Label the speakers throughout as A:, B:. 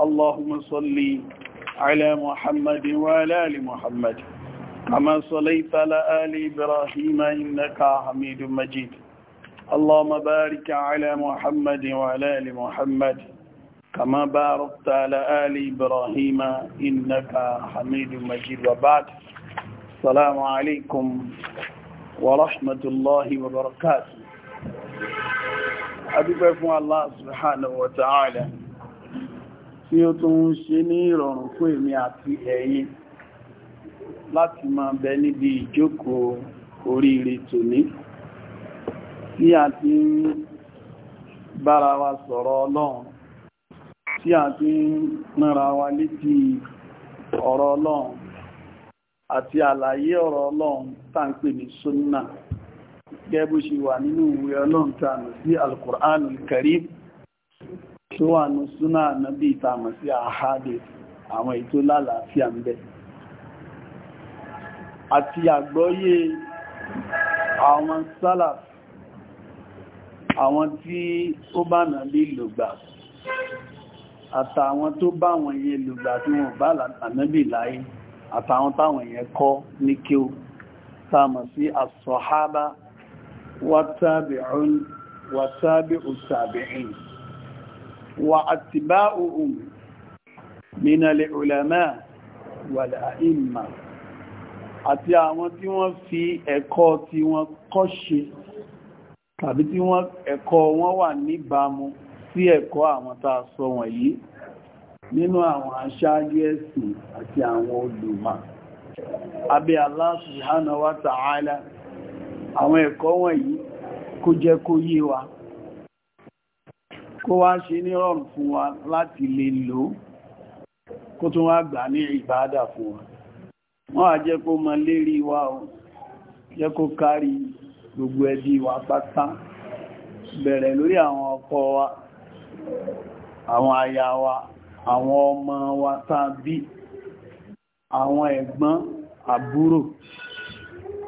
A: اللهم صل على محمد وعلى آل محمد كما صليت على آل إبراهيم إنك حميد مجيد اللهم بارك على محمد وعلى آل محمد كما باركت على آل إبراهيم إنك حميد مجيد وبعد السلام عليكم ورحمة الله وبركاته أبي بفو الله سبحانه وتعالى tí ó tún ń ṣe ní ìrọ̀rùn fún èmi àti ẹ̀yin láti máa bẹ níbi ìjókòó oríire tòní tí a ti ń bára wa sọ̀rọ̀ ọlọ́run tí a ti ń ránra wa létí ọ̀rọ̀ ọlọ́run àti àlàyé ọ̀rọ̀ ọlọ́run tá ń pè ní súnnà gẹ́gẹ́ bó ṣe wà nínú ìwé ọlọ́run tàà sí Al-Qur'anul Karim tó wà ní súnà ànábì ìtàmọ̀ sí àhádé àwọn ètò lálàáfíà ń bẹ àti àgbọ́yé àwọn sálà àwọn tí ó bá nà lè lògbà àtàwọn tó bá wọn yẹn lògbà tí wọ́n bá ànábì láyé àtàwọn táwọn yẹn kọ́ ní kí ó tàmọ̀ sí àsọ̀hábá wátàbí òsàbí ìyìn وأتباؤهم من العلماء والأئمة àti àwọn tí wọ́n fi ẹ̀kọ́ tí wọ́n kọ́ṣe tàbí tí wọ́n ẹ̀kọ́ wọn wà níbàámu sí ẹ̀kọ́ àwọn tá a sọ wọ̀nyí nínú àwọn aṣáájú ẹ̀sìn àti àwọn olùmọ̀ abẹ́ Allah subhanahu wa àwọn ẹ̀kọ́ wọ̀nyí kó jẹ́ kó yé wa kó wá ṣe ní rọrùn fún wa láti lè lò ó kó tún wá gbà ní ìbáadà fún wa wọ́n á jẹ́ kó mọ lérí wa o jẹ́ kó kárí gbogbo ẹbí wa pátá bẹ̀rẹ̀ lórí àwọn ọkọ wa àwọn aya wa àwọn ọmọ wa tàbí àwọn ẹ̀gbọ́n àbúrò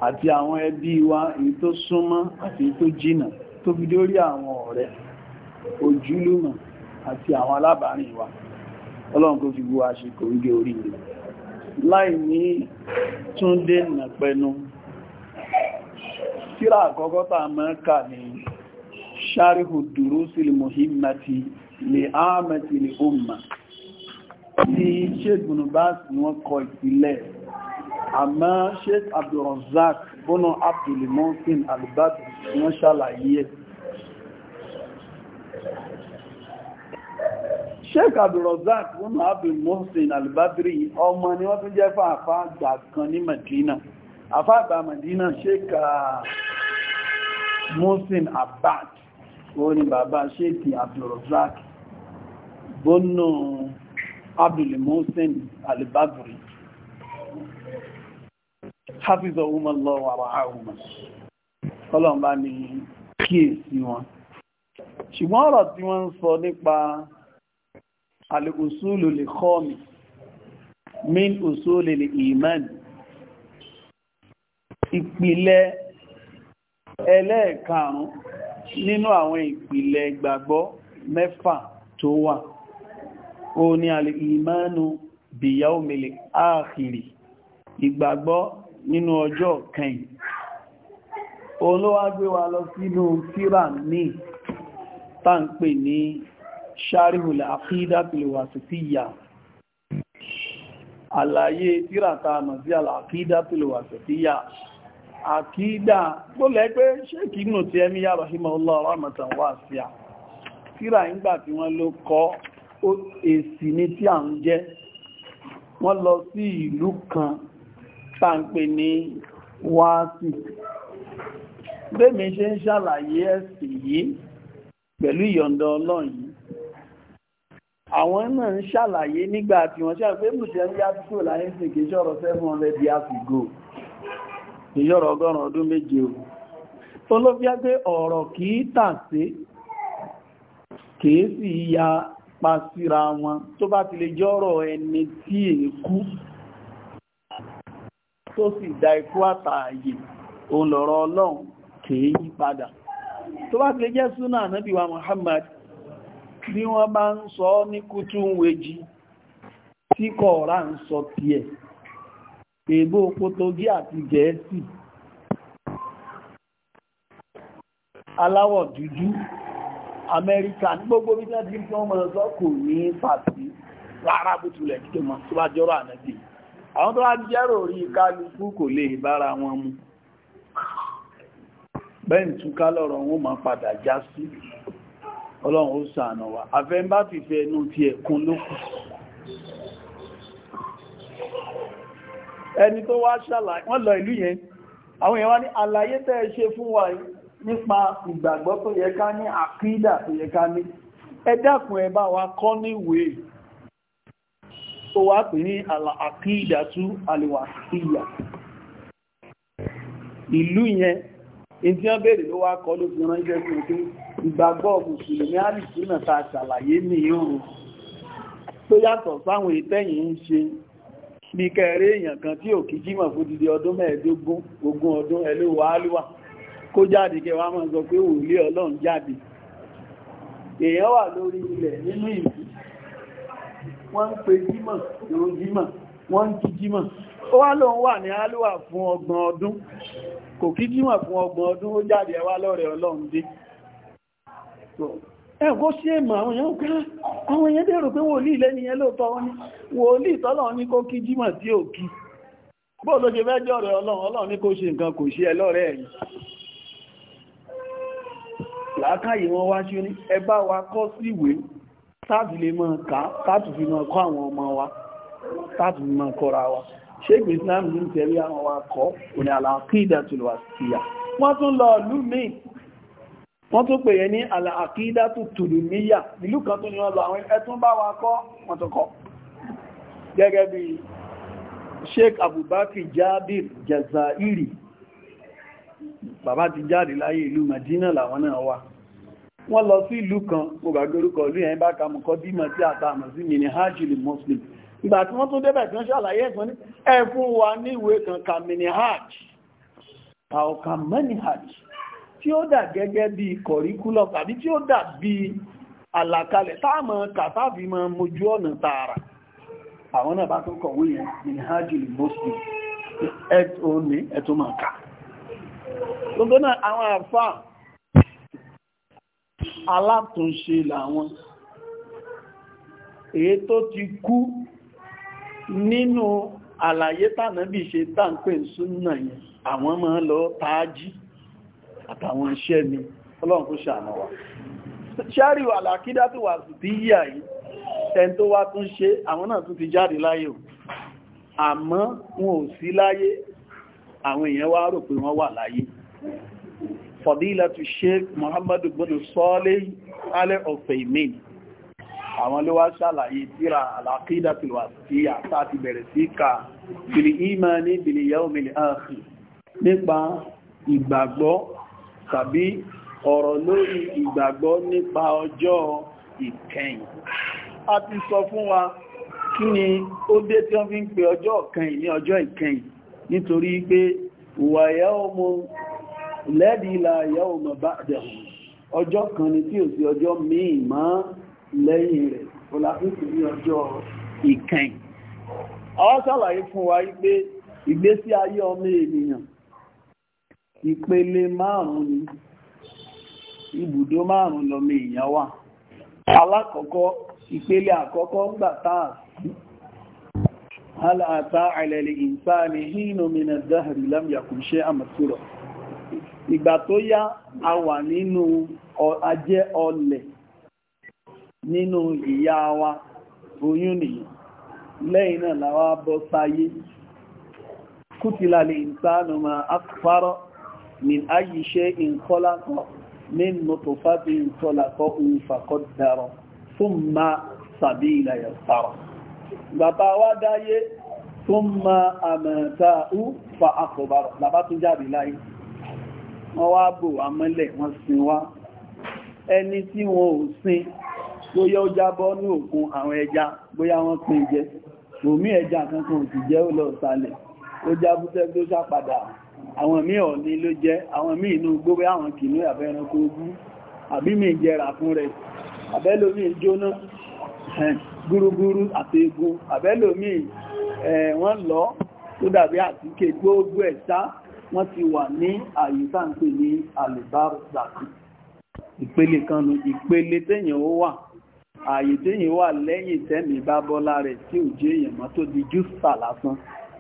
A: àti àwọn ẹbí wa èyí tó súnmọ́ àti èyí tó jìnà tó fi dórí àwọn ọ̀rẹ́ ojúlùmọ̀ àti àwọn alábàárìn wa ọlọ́run kó fi gbó aṣekò ń gé orí rẹ̀ láì ní túndé nà pẹnu síra àkọ́kọ́ tá a máa kà ní ṣáríhù dúró sílẹ̀ mohimmati lè áàmẹ́tì lè ọmọ tí ṣégbùnù bá sì wọ́n kọ ìpìlẹ̀ àmọ́ sheik abdulrazak bọ́nà abdulmohsen albert wọ́n ṣàlàyé ẹ̀ sheik abdulrozak ibn abdul mohsin albadri ọmọ ni wọ́n tún jẹ́ fún àfá àgbà kan ní medina àfá àgbà medina sheik uh, mohsin abbad ó ní bàbá sheik abdulrozak bónú abdul mohsin albadri hafizu umarlọ wàrà ahùnmà ọlọ́mbà ni kíyèsí wọn ṣùgbọ́n ọ̀rọ̀ tí wọ́n ń sọ nípa alìkùsùlù lè kọ́ọ̀mì min ùsùlù lè ìmánì ìpìlẹ̀ ẹlẹ́ẹ̀karùn nínú àwọn ìpìlẹ̀ ìgbàgbọ́ mẹ́fà tó wà ó ní alìmánu bìyàwó mele áàkìrì ìgbàgbọ́ nínú ọjọ́ kẹyìn olówágbé wa lọ sínú tíra ní tàǹpẹ̀ ní sharihul aqidatul wasitiyya àlàyé tíràtà àmàzí al-aqidatul wasitiyya àkídà tó lẹ́gbẹ́ ṣéèkì inú ti ẹmí yà rahimahullah rahmatan wasi'a tíra ìgbà tí wọ́n ló kọ́ èsì ní tí à ń jẹ́ wọ́n lọ sí ìlú bẹ́mi ṣe ń ṣàlàyé ẹ̀sìn yìí pẹ̀lú ìyọ̀ǹda ọlọ́run àwọn náà ń ṣàlàyé nígbà tí wọ́n ṣe pé mùsùlùmí yá tó láyé sí kìí ṣọ́rọ̀ 700 years ago kìí ṣọ́rọ̀ ọgọ́rùn ọdún méje o tó ló fi pé ọ̀rọ̀ kìí tàṣé kìí sì ya pa síra wọn tó bá ti lè jọ́rọ̀ ẹni tí èkú tó sì dá ikú àtààyè òun lọ̀rọ̀ ọlọ́run kìí yí padà tó bá ti lè jẹ́ súnà ànábì wa Muhammad bí wọ́n bá ń sọ ní kútú ń wejì tí kọ̀ọ̀rá ń sọ tiẹ̀ èbó potogí àti gẹ̀ẹ́sì aláwọ̀ dúdú amẹ́ríkà ní gbogbo bí tẹ́ ti fún ọmọ ọ̀sọ́ kò ní fàtí rárá bó tulẹ̀ bẹ́ẹ̀ tún ká lọ́rọ̀ wọn máa padà já sí ọlọ́run ó ṣàánú wa afẹ́ ń bá fìfẹ́ inú ti ẹ̀kún lókù ẹni tó wá ṣàlàyé wọ́n lọ ìlú yẹn àwọn èèyàn wá ní àlàyé tẹ́ ṣe fún wa nípa ìgbàgbọ́ tó yẹ ká ní àkídà tó yẹ ká ní ẹ dákun ẹ bá wa kọ́ níwèé tó wá pè ní àkídà tú àlèwà síyà ìlú yẹn ìdí wọ́n ló wá kọ́ ló fi ránṣẹ́ sí ìgbàgbọ́ mùsùlùmí àrìsínà ta ṣàlàyé nìyàn tó yàtọ̀ sáwọn ìtẹ́yìn ń ṣe bí kẹrẹ èèyàn kan tí ò kí jímọ̀ fún dìde ọdún mẹ́ẹ̀ẹ́dógún ogún ọdún ẹlẹ́wọ̀ alúwà kó jáde kẹwàá máa sọ pé wòlé ọlọ́run jáde èèyàn wà lórí ilẹ̀ nínú ìlú wọ́n ń pe jímọ̀ ìrun jímọ̀ wọ́n ń kí jímọ̀ ó wá lóun wà ní alúwà fún ọgbọ̀n ọdún kò kí jímọ̀ fún ọgbọ̀n ọdún ó jáde ẹwà lọ́rẹ̀ ọlọ́run dé ẹ̀kọ́ sí èmà àwọn èèyàn ká àwọn èèyàn dẹ̀rọ pé wòlíì lẹ́niyàn lóòtọ́ wọn ni wòlíì tọ́lọ̀ ní kó kí jímọ̀ tí ò kí bóò ló ṣe fẹ́jọ́ rẹ̀ ọlọ́run ọlọ́run ní kó ṣe nǹkan kò ṣe ẹlọ́rẹ̀ ẹ̀yìn làákàyè wọn wá ṣe ní ẹ bá wa kọ́ sí ìwé táàbì lè máa kà táàbì fi máa kọ́ àwọn ọmọ wa táàbì fi máa kọ́ra wa ṣé ìgbé islam ní ìtẹ̀rí àwọn wa kọ́ òní àlàkídà tó lọ sí ìyà wọ́n tún pè yẹn ní àkídá tó tùlù níyà ìlú kan tó ní wọ́n lọ àwọn ẹtún bá wa kọ́ wọ́n gẹ́gẹ́ bí Sheikh Abubakar Jabir Jazairi bàbá ti jáde láyé ìlú Madina làwọn náà wà wọ́n lọ sí ìlú kan mo bá gbórúkọ ìlú yẹn bá ka mọ̀kọ́ bí mọ̀ sí àtàmọ̀ sí mi ní hajjili muslim ìgbà tí ó dà gẹ́gẹ́ bíi curriculum tàbí tí ó dà bíi àlàkalẹ̀ táàmà kàtàbí mọ mojú ọ̀nà tààrà àwọn náà bá tó kọ̀wé yẹn ní hajjul muslim ẹ̀tọ́ ní ẹ̀tọ́ máa kà gbogbo náà àwọn àfà alátúnṣe làwọn èyí tó ti kú nínú àlàyé tànàbí ṣe tàǹpẹ̀ súnnà yẹn àwọn máa lọ tàájí àtàwọn iṣẹ́ mi ọlọ́run kó ṣàánà wa ṣáríwà àlàkídá tó wà sí yíyà yìí ẹn tó wá tún ṣe àwọn náà tún ti jáde láyé o àmọ́ wọn ò sí láyé àwọn èèyàn wá rò pé wọ́n wà láyé fọ̀dílàtù sheikh muhammadu gbọ́nà sọ́ọ́lé alẹ́ ọ̀fẹ́ ìmìn àwọn ló wá ṣàlàyé tíra àlàkídá tó wà sí àtà ti bẹ̀rẹ̀ sí ka bìlì ìmání bìlì yawmil akhir nípa ìgbàgbọ́ tàbí ọ̀rọ̀ lórí ìgbàgbọ́ nípa ọjọ́ ìkẹyìn a ti sọ fún wa kí ni ó dé tí wọ́n fi ń pè ọjọ́ ìkẹyìn ní ọjọ́ ìkẹyìn nítorí pé wàyá ọmọ lẹ́dìílà àyá ọmọ bá dẹ̀hùn ọjọ́ kan ni tí ò sí ọjọ́ míì mọ́ lẹ́yìn rẹ̀ olàfíìsì ní ọjọ́ ìkẹyìn àwọn ṣàlàyé fún wa wípé ìgbésí ayé ọmọ ènìyàn ìpele márùn-ún ni ibùdó márùn-ún lọmọ èèyàn wà alákọ̀ọ́kọ́ ìpele àkọ́kọ́ ń gbà táà sí aláàtà àìlẹ̀lẹ̀ ìsáàni hínú mìnà dáhìrì lámìyàkùn ṣe àmàsúrọ̀ ìgbà tó yá a wà nínú ajẹ́ ọlẹ̀ nínú ìyá wa oyún nìyàn lẹ́yìn náà làwa bọ́ sáyé kútìlà lè ìsáàni ma akfárọ́ min ayi shay'in khalaqa min nutfatin khalaqahu faqaddara thumma sabila yassara bàbá wá dáyé thumma amatahu fa aqbara bàbá tún jáde láyé wọ́n wá bò wá mọ́lẹ̀ wọ́n sin wá ẹni tí wọn ò sin bóyá ó jábọ́ ní òkun àwọn ẹja bóyá wọ́n pín jẹ òmí ẹja kankan ò sì jẹ́ ó lọ sálẹ̀ ó jábútẹ́ tó sápadà àwọn míì ọ̀ní ló jẹ́ àwọn míì inú gbogbo àwọn kìnnú àbẹ́ranko ogún àbí mi jẹrà fún rẹ̀ àbẹ́lómi jóná gúrúgúrú àti egun àbẹ́lómi wọ́n lọ tó dàbí àtíkè gbogbo ẹ̀sá wọ́n ti wà ní àyíká ń pè ní alìbárzàkì ìpele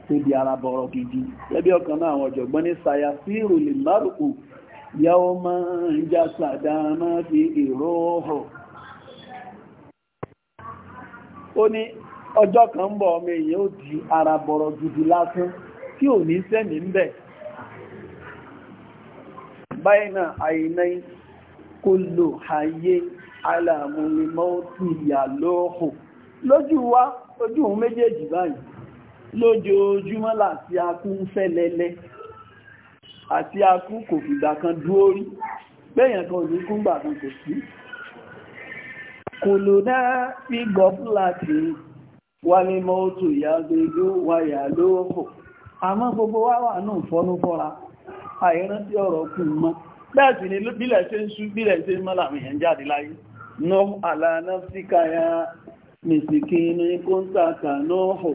A: tó ara bọ̀rọ̀ gidi ẹbí ọkàn náà àwọn ọ̀jọ̀gbọ́n ní saya sírù lè márùkù yàwó máa ń já sàdámá fi èrò ọ̀họ̀ ó ní ọjọ́ kan ń bọ̀ ọmọ èèyàn ó di ara bọ̀rọ̀ gidi lásán tí ò ní ń bẹ̀ báyìí náà àìná kò lò ayé alàmúlimọ́ ti yà lójú wa ojú òun méjèèjì lójoojúmọ́ láti akú ń fẹ́ lẹ́lẹ́ àti akú kò fìgbà kan dúó rí bẹ́yàn kan ò ní kú gbà kan kò sí kùlùdá fi gọ́fún láti wà ní mọ́tò ìyàgbẹ́gbẹ́ wáyà lóòfò àmọ́ gbogbo wá wà náà fọ́nú fọ́ra àìrántí ọ̀rọ̀ kù mọ́ bẹ́ẹ̀ ni bílẹ̀ ṣe ń sú bílẹ̀ ṣe ń mọ́ làwọn jáde láyé nọ́ àlànà síkà mìsìkì ní kóńtàkà náà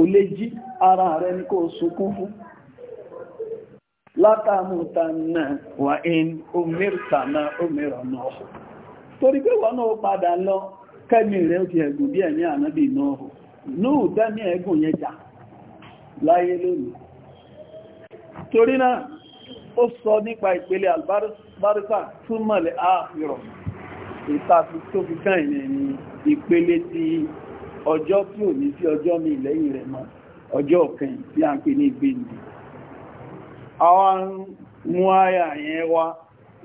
A: kò lè jí ara rẹ̀ ní kò sunkún fún látàmúta náà wà in omírta náà omíràn náà torí pé wọ́n náà padà lọ kẹ́mì rẹ̀ ó ti ẹ̀gùn bí ẹ̀mí ànábì náà nóò tẹ́mì ẹ̀gùn yẹn jà láyé lónìí torí náà ó sọ nípa ìpele túnmọ̀lẹ̀ ààfihàn tó fi ní ìpele ọjọ́ tí ò ní sí ọjọ́ mi lẹ́yìn rẹ̀ mọ́ ọjọ́ ọ̀kan tí a ń pè ní ìgbéǹdì àwọn mú àyà yẹn wá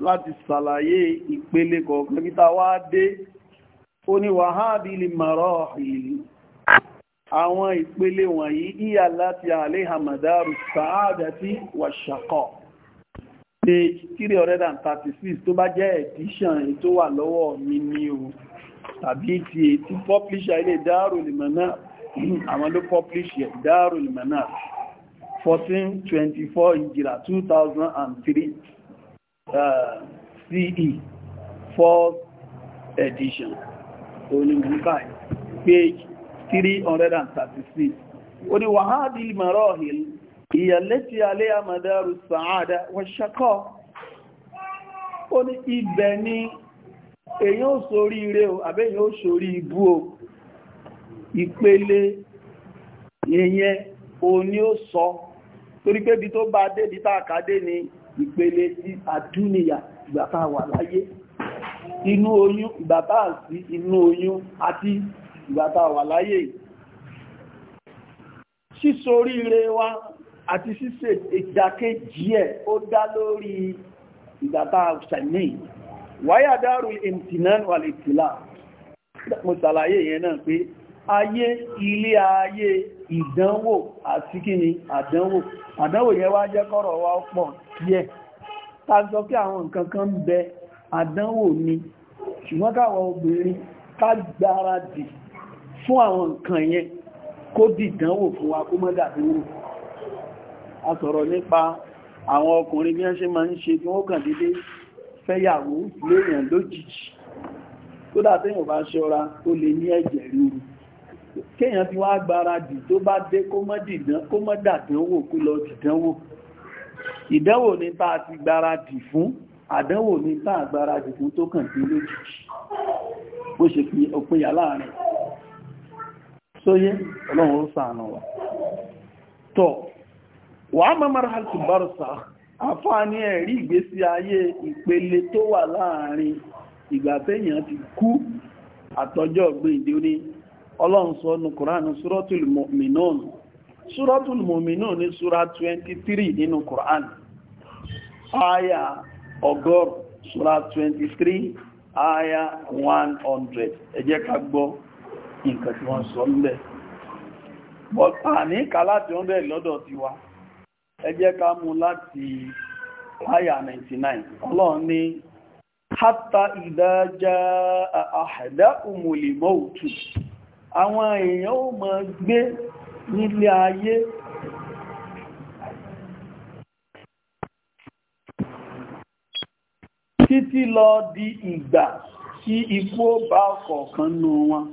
A: láti ṣàlàyé ìpele kọ̀ọ̀kan kí ta wá dé ó ní wàhábí lè mọ̀rọ̀ ìlú àwọn ìpele wọ̀nyí ìyà láti àlẹ́ hamadaru sàádà tí wà ṣàkọ̀ page 336 tó bá jẹ́ edition tó wà lọ́wọ́ mi ní o tàbí ti tí pọ́plíṣà ilé Darul Manar àwọn ló pọ́plíṣì ẹ̀ Darul Manar 1424 ìjìlá 2003 uh, CE 4th edition olùmúkà page 336 ó ní wàhádì marahil ìyàlẹ́tí alẹ́ àmàdàrù sàádà wọ́n ṣakọ́ ó ní ibẹ̀ ni èyàn ò sórí ire o àbẹ́yàn ò sórí ibú o ìpele yẹnyẹn o ní ó sọ torí pé bí tó bá débi tá àkádé ni ìpele ti àdúnìyà ìgbàtà wà láyé inú oyún ìgbàtà sí inú oyún àti ìgbàtà wà láyé sísorí ire wa àti ṣíṣe ìdákéjì ẹ̀ ó dá lórí ìgbàtà ṣẹ̀mí wáyà dárò ìmtìnán wà lè tìlà mo ṣàlàyé yẹn náà pé ayé ilé ayé ìdánwò àti kíni àdánwò àdánwò yẹn wá jẹ́ kọ́rọ̀ wá pọ̀ díẹ̀ ta sọ pé àwọn nǹkan kan ń bẹ àdánwò ni ṣùgbọ́n káwọn obìnrin ká gbáradì fún àwọn nǹkan yẹn kó dìdánwò fún wa kó má dàdánwò a sọ̀rọ̀ nípa àwọn ọkùnrin bí wọ́n ṣe máa ń ṣe tí wọ́n kàn dédé fẹ́yàwó léèyàn lójijì tó dà téèyàn bá ṣọ́ra ó lè ní ẹ̀jẹ̀ ríru kéèyàn ti wá gbáradì tó bá dé kó mọ́ dàdánwò kó lọ dìdánwò ìdánwò ní tá a ti gbáradì fún àdánwò ní tá a gbáradì fún tó kàn sí lójijì bó ṣe fi òpin yà láàrin sóyé ọlọ́run ó ṣàánú wa tọ́ wàá mọ́ mara halittu bárùsà àfáàní ẹ̀rí ìgbésí ayé ìpele tó wà láàrin ìgbà téèyàn ti ku àtọjọ́ gbèǹde ní ọlọ́run sọ nínú Kùránì Suratul Mu'minun Suratul Mu'minun ní Sura 23 nínú Kùránì aya ọgọ́rùn Sura 23 aya 100 ẹ jẹ́ ká gbọ́ nǹkan tí wọ́n sọ ń 100 lọ́dọ̀ tiwa ẹ jẹ́ ká mú láti àyà 99 ọlọ́run ni hátà ìdájá àhàdá òmòlèmọ́ òtù àwọn èèyàn ó mọ̀ gbé nílé ayé títí lọ di ìgbà tí ikú ó bá ọ̀kọ̀ọ̀kan nù wọn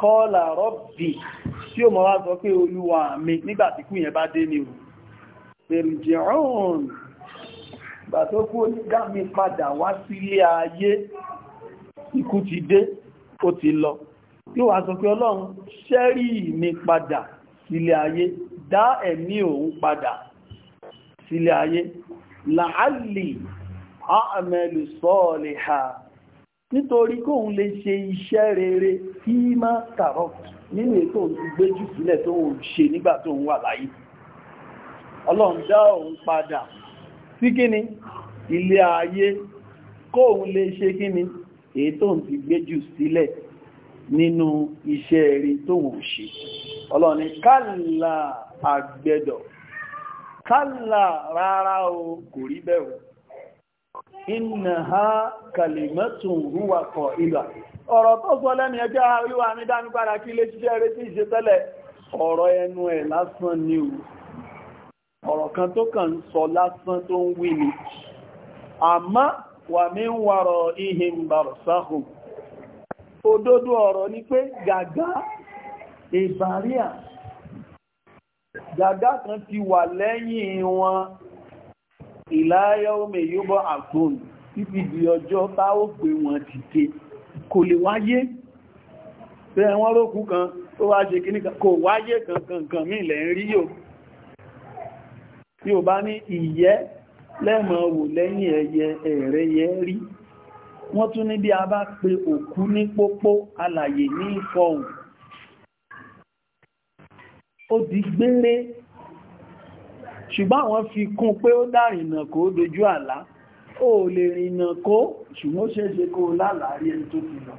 A: kọ́ọ̀lá rọ́bì tí ó mọ̀ wá sọ pé olúwa mi nígbàtíkú yẹn bá dé ní òun èrìjìrún bà tó kú ó dá mi padà wá sílé ayé ikú ti dé ó ti lọ tí wà sọ pé ọlọ́run ṣẹ́rí mi padà sílé ayé dá ẹ̀mí òun padà sílé ayé làálì àmẹ́lù sọ́ọ̀lì ha nítorí kóun lè ṣe iṣẹ́ rere tí má tàrọ nínú ètò òun sílẹ̀ tó ń ṣe nígbà tó ń wà láyé ọlọ́run dá òun padà sí kíni ilé ayé kóòun lè ṣe kíni èyí ń ti gbé jù sílẹ̀ nínú iṣẹ́ rí tóun ṣe ọlọ́run kálà àgbẹ̀dọ̀ kálà rárá o kò rí bẹ̀rù ha ọ̀rọ̀ tó sọ lẹ́nu ẹjẹ́ ah, mi padà kí ṣiṣẹ́ ìṣẹ́tẹ́lẹ̀ ẹnu ẹ̀ lásán o ọ̀rọ̀ kan tó kàn sọ lásán tó ń wí ni àmá wà mí ń wàrọ̀ ihim barsahu òdodo ọ̀rọ̀ ni pé gàgá ìbàríà gàgá kan ti wà lẹ́yìn wọn ìláyọ́mẹ̀ yóò àkóhùn títí di ọjọ́ bá pé wọn ti ké kò lè wáyé tẹ́ wọn rókú kan tó wá ṣe kíníkan kò wáyé kankan kan mí lẹ́ ń rí yóò yóò bá ní ìyẹ́ lẹ́mọ̀ wò lẹ́yìn ẹyẹ ẹ̀rẹ́ yẹ rí wọ́n tún ní bí a bá pe òkú ní pópó alàyè ní ìfọ̀hùn ó di gbére ṣùgbọ́n àwọn fi kún pé ó dárìnà kó dojú àlá ó lè rìnà kó ṣùgbọ́n ṣeéṣe kó lálàárí ẹni tó ti lọ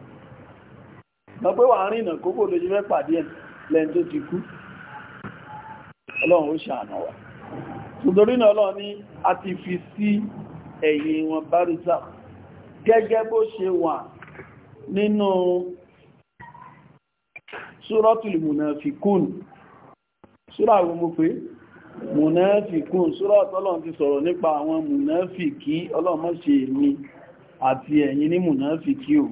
A: lọ pé wà rìnà kó kò dojú fẹ́ pàdé lẹ́ni tó ti kú ọlọ́run ó ṣàánà wa nítorí náà lọ ní a ti fi sí ẹ̀yìn wọn bárísà gẹ́gẹ́ bó ṣe wà nínú Suratul Munafikun Súra wo mo pé? Munafikun, Súra ọ̀tọ́lọ́n ti sọ̀rọ̀ nípa àwọn Munafiki, ọlọ́mọ́ ṣe mi àti ẹ̀yin ní Munafiki o.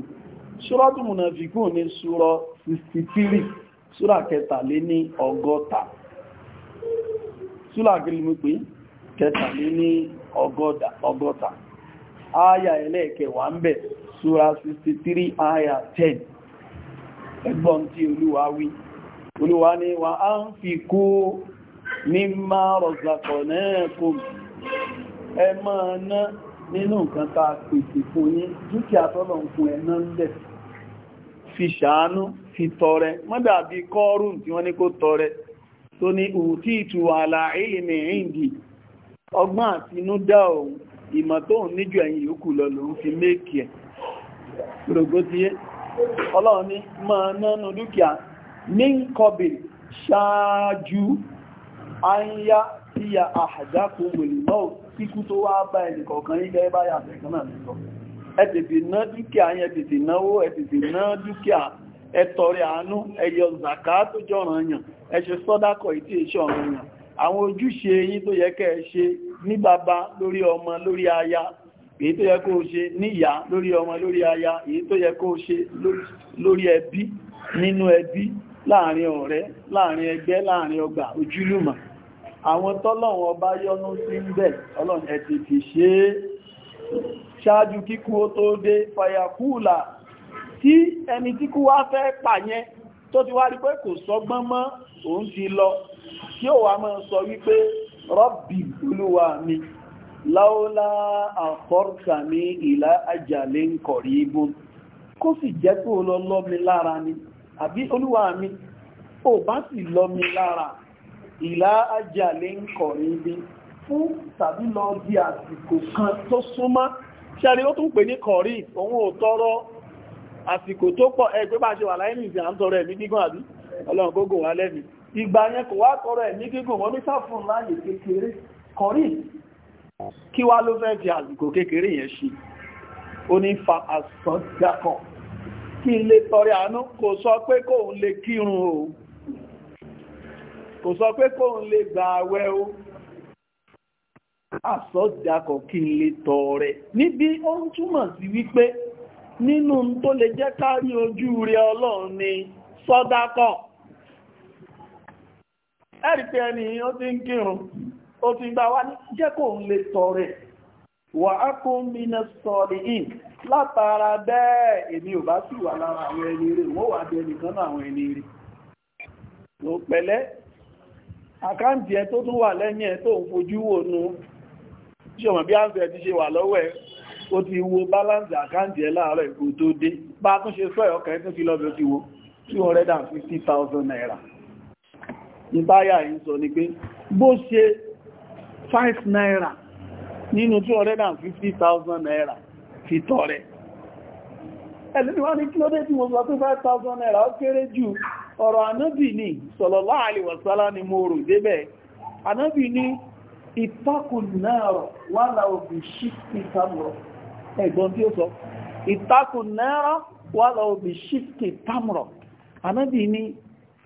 A: Súra tó Munafikun ní Súra 63, Súra kẹtàlé ní ọgọ́ta. súlàgìrì mú pé kẹtàlé ní ọgọ́ta ááyà ẹlẹ́ẹ̀kẹwàá ń bẹ̀ sura 63 aya 10 ẹgbọ́n tí olúwa wí olúwa ni wà á ń fi kó mímá rọ̀zàkọ̀
B: náà
A: nínú fi ṣàánú fi tọrẹ mọ́dàbí tí wọ́n ní kó tọrẹ tó ní ùtí ìtùwà àlàílìmì ìndì ọgbọ́n àtinúdá òun ìmọ̀ tó ń níjù ẹ̀yìn yòókù lọ lòun fi méèkì ẹ̀ gbogbo ti yé nánú dúkìá ní kọbì ṣáájú àyíyá tí a kíkú tó wá bá ilẹ̀ ẹ àánú ẹ yọ tó jọ̀ràn yàn ẹ sọ́dákọ̀ ìtí èṣọ́ ọ̀ràn yàn àwọn ojúṣe yín tó yẹ kẹ́ ṣe ní bàbá lórí ọmọ lórí aya èyí tó yẹ kó ṣe níyà lórí ọmọ aya èyí tó yẹ kó ṣe lórí ẹbí nínú ẹbí láàrin ọ̀rẹ́ láàrin ẹgbẹ́ láàrin ọgbà ojúlùmọ̀ àwọn ọba sí ń bẹ̀ ọlọ́run ṣe tí ẹni tí kú wá fẹ́ pàyẹn tó ti wá rí pé kò sọgbọ́n mọ́ òun ti lọ tí ó wà máa sọ wípé rọ́bì olúwa mi láọ́lá àkọ́rùsàmí ìlà àjàlẹ̀ ń kọ̀rí ibùn kó sì jẹ́ pé ó lọ lọ́ mi lára ni àbí olúwa mi ò bá sì lọ mi lára ìlà àjàlẹ̀ ń kọ̀rí ibùn fún tàbí lọ di àsìkò kan tó súnmọ́ ṣẹ́rí ó tún pè ní kọ̀rí òun ò tọrọ àsìkò tó pọ̀ ẹgbẹ́ bá ṣe wà láyé nìsí à ń tọrọ ẹ̀mí gígùn àbí ọlọ́run gógùn wá lẹ́mí ìgbà yẹn kò wá tọrọ ẹ̀mí gígùn wọ́n ní sáfún láàyè kékeré kọrí kí wá ló fẹ́ fi àsìkò kékeré yẹn ṣe ó ní fa àsọdákọ̀ kí n lè tọrẹ àánú kò sọ pé kóun lè kírun o kò sọ pé kóun lè gbà àwẹ̀ o àsọdákọ̀ kí lè tọrẹ níbi ó ń túmọ̀ sí wípé nínú tó lè jẹ́ kárí ojú ọlọ́run ni sọ́dákọ̀ ẹ̀rì pé ó ti ń kírun ó ti gbà wá ní jẹ́ kó ń lè tọrẹ wà á kó mina sọ̀rì in látara bẹ́ẹ̀ èmi ò bá sì wà lára àwọn ẹni rẹ̀ wọ́n wà bí àwọn ẹni rẹ̀ ló pẹ̀lẹ́ àkáǹtì ẹ tó tún wà lẹ́yìn ẹ tó ń ṣe bí ó ti wo balance àkáǹtì ẹ̀ láàárọ̀ ìkó tó dé bá a tún ṣe sọ ẹ̀ ọkàn ẹ̀ tún fi lọ́bẹ̀ ó wo 250,000 naira ìbáyà yìí sọ ni pé bó ṣe 5 naira nínú 250,000 naira fi tọrẹ ẹ̀lẹ́ni wá ní kílódé tí mo sọ pé 5,000 naira ó kéré jù ọ̀rọ̀ ànábì ní sallallahu alaihi wasallam ni mo rò débẹ̀ ànábì ní ìtakùn náà wà láòbí sí ìtàmùrọ̀ ẹ̀gbọ́n tí ó sọ ìtakùn náírà wà lọ bí ṣífkì tamrọ̀ anábì ní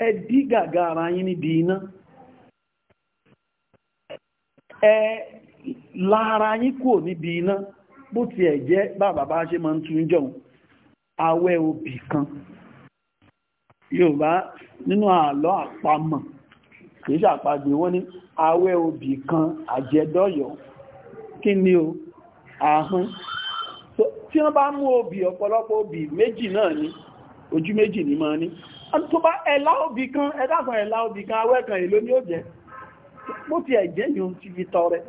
A: ẹdí gàgà ara yín níbi iná ẹ lára yín kúrò níbi iná bó ti ẹ̀ jẹ́ bàbá ṣe máa ń tún jọun awẹ́ obì kan Yorùbá nínú àlọ́ àpamọ̀ kìí ṣàpagbè wọ́n ní awẹ́ obì kan àjẹ́dọ́yọ̀ kí ni o ahán tí wọ́n bá mú obì ọ̀pọ̀lọpọ̀ obì méjì náà ní ojú méjì ní máa ní tó bá ẹ̀lá obì kan ẹ̀dàkan ẹ̀lá obì kan awẹ́ kan èlò ní ó jẹ́ ti ẹ̀jẹ́ yóò ti fi tọrẹ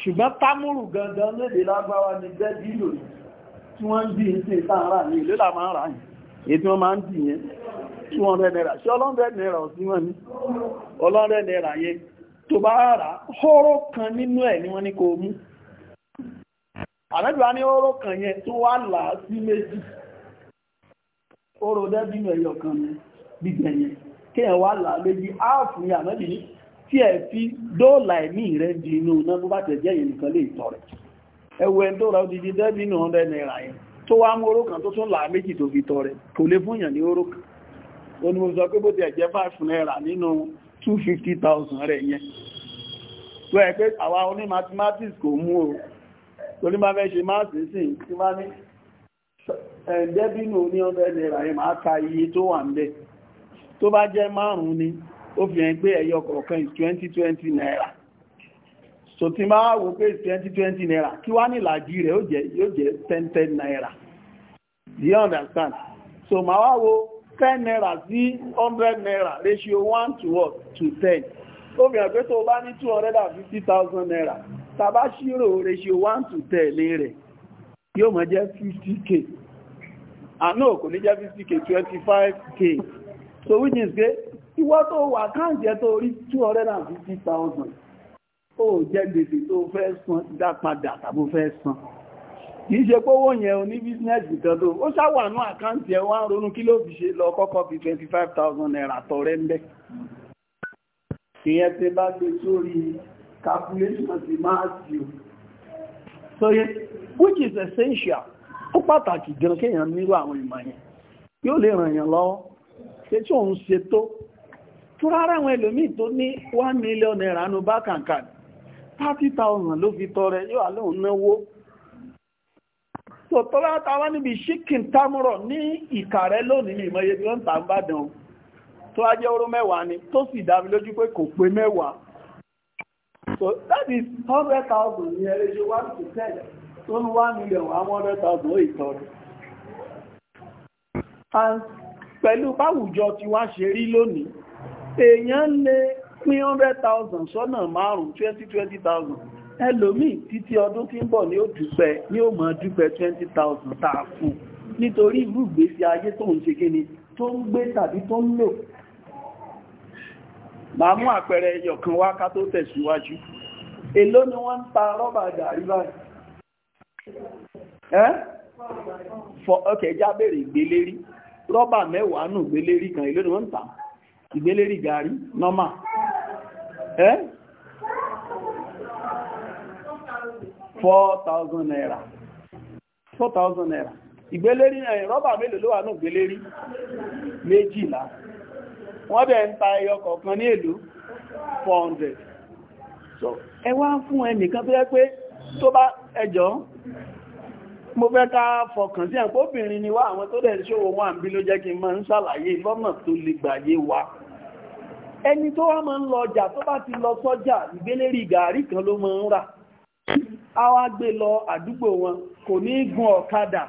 A: ṣùgbọ́n támúrù gangan lédè lágbáwá ni dẹ́bí lò tí wọ́n ń dì í ní ìlú là tí wọ́n ń dì naira ṣe naira ọ̀sí wọn naira yẹn tó bá rà hóró kan nínú ẹ̀ a ní oró kan yẹn tó wá là á sí méjì oró dẹ́bínú ẹ̀yọ kan ní gbígbẹ̀ yẹn kí ẹ̀ wá là á méjì áàfù ní àmẹ́bí ní tí ẹ̀ fi dóòlà ẹ̀mí rẹ̀ di inú náà bó bá tẹ̀ jẹ́ yẹn nìkan lè tọ̀ rẹ̀ ẹwọ ẹni tó ra odidi dẹ́bínú ọ̀rẹ́ náírà yẹn tó wá mú oró kan tó tún là á méjì tó fi tọ̀ rẹ̀ kò lè fún yàn ní oró kan ó two fifty thousand rẹ̀ yẹn tó ẹ pé àwa oní mathematics kò torí máa fẹ́ ṣe máa sì sí tí máa ní ẹ̀ẹ́dẹ́bínú ní ọdẹ náírà yẹn máa ka iye tó wà níbẹ̀ tó bá jẹ́ márùn-ún ni ó fi hàn pé kọ̀ọ̀kan is naira so tí máa wò pé is naira kí wá ní ìlàjì rẹ̀ yóò jẹ́ ten naira you understand so máa wá wo ten naira sí hundred naira ratio one to what to ó fi hàn pé tó bá ní two and fifty naira tàbá ṣírò ratio one to tẹ̀lé rẹ̀ yóò mọ̀ jẹ́ 50k àná ah, kò ní jẹ́ 50k 25k so which is pé ìwọ tó wà káǹtì ẹ tó rí 250,000 ó jẹ́ gbèsè tó fẹ́ san dá padà tàbí fẹ́ san kìí ṣe pówó yẹn o ní bísínẹ́sì kan tó ó ṣàwànú àkáǹtì ẹ wá ń ronú kí ló fi ṣe lọ kọ́kọ́ fi 25,000 naira tọrẹ ń bẹ́ ìyẹn ti bá gbé sórí calculation of the mass yield so yẹ which is essential ó pàtàkì gan kéèyàn nílò àwọn ìmọ̀ yẹn yóò lè ràn yàn lọ́wọ́ ṣe tí òun ṣe tó tó rárá àwọn ẹlòmíì tó ní 1 million naira nù bá kàǹkà thirty ló fi tọrẹ yóò yoo náwó so tó bá ta wá níbi ṣíkìn támúrọ̀ ní ìkàrẹ́ lónìí ní ìmọ̀ye tí wọ́n ń tà ń bàdàn tó oró mẹ́wàá ni tó sì dá lójú pé kò pé mẹ́wàá So that is 100,000 ní ẹlẹ́ṣẹ́ 1 to 10 tó ní 1 million 100,000 ó ìtọ́rọ. And pẹ̀lú báwùjọ tí wá ṣe rí lónìí, èèyàn lè pín 100,000 sọ́nà márùn-ún 20 20,000 ẹlòmíì títí ọdún tí ń bọ̀ ní ó dúpẹ́ ní ó mọ̀ dúpẹ́ 20,000 tààfù nítorí irú ìgbésí ayé tó ń ṣe kíni tó ń gbé tàbí tó ń lò ma mú àpẹẹrẹ ẹyọkan wá ká tó tẹ̀síwájú èló ni wọ́n ń ta rọ́bà gàrí báyìí ẹ́ ọkẹ̀ já ìgbélérí rọ́bà mẹ́wàá nù ìgbélérí kan èló ni wọ́n ń ta ìgbélérí gàrí nọ́mà ẹ́ 4,000 naira 4,000 naira ìgbélérí rọ́bà mélòó ló wà nù ìgbélérí méjìlá wọ́n bẹ̀ ń ta ẹyọ kọ̀ọ̀kan ní èlú 400 so ẹ wá fún ẹnìkan tó yẹ pé tó bá ẹjọ́ mo fẹ́ ká fọkàn sí obìnrin ni wá àwọn tó dẹ̀ ṣòwò wà ń bí ló ń ṣàlàyé lọ́nà tó lè gbàyé wa ẹni tó wá máa ti lọ sọ́jà ìgbélérí gàárì kan ló máa ń rà á wá wọn kò ní gun ọ̀kadà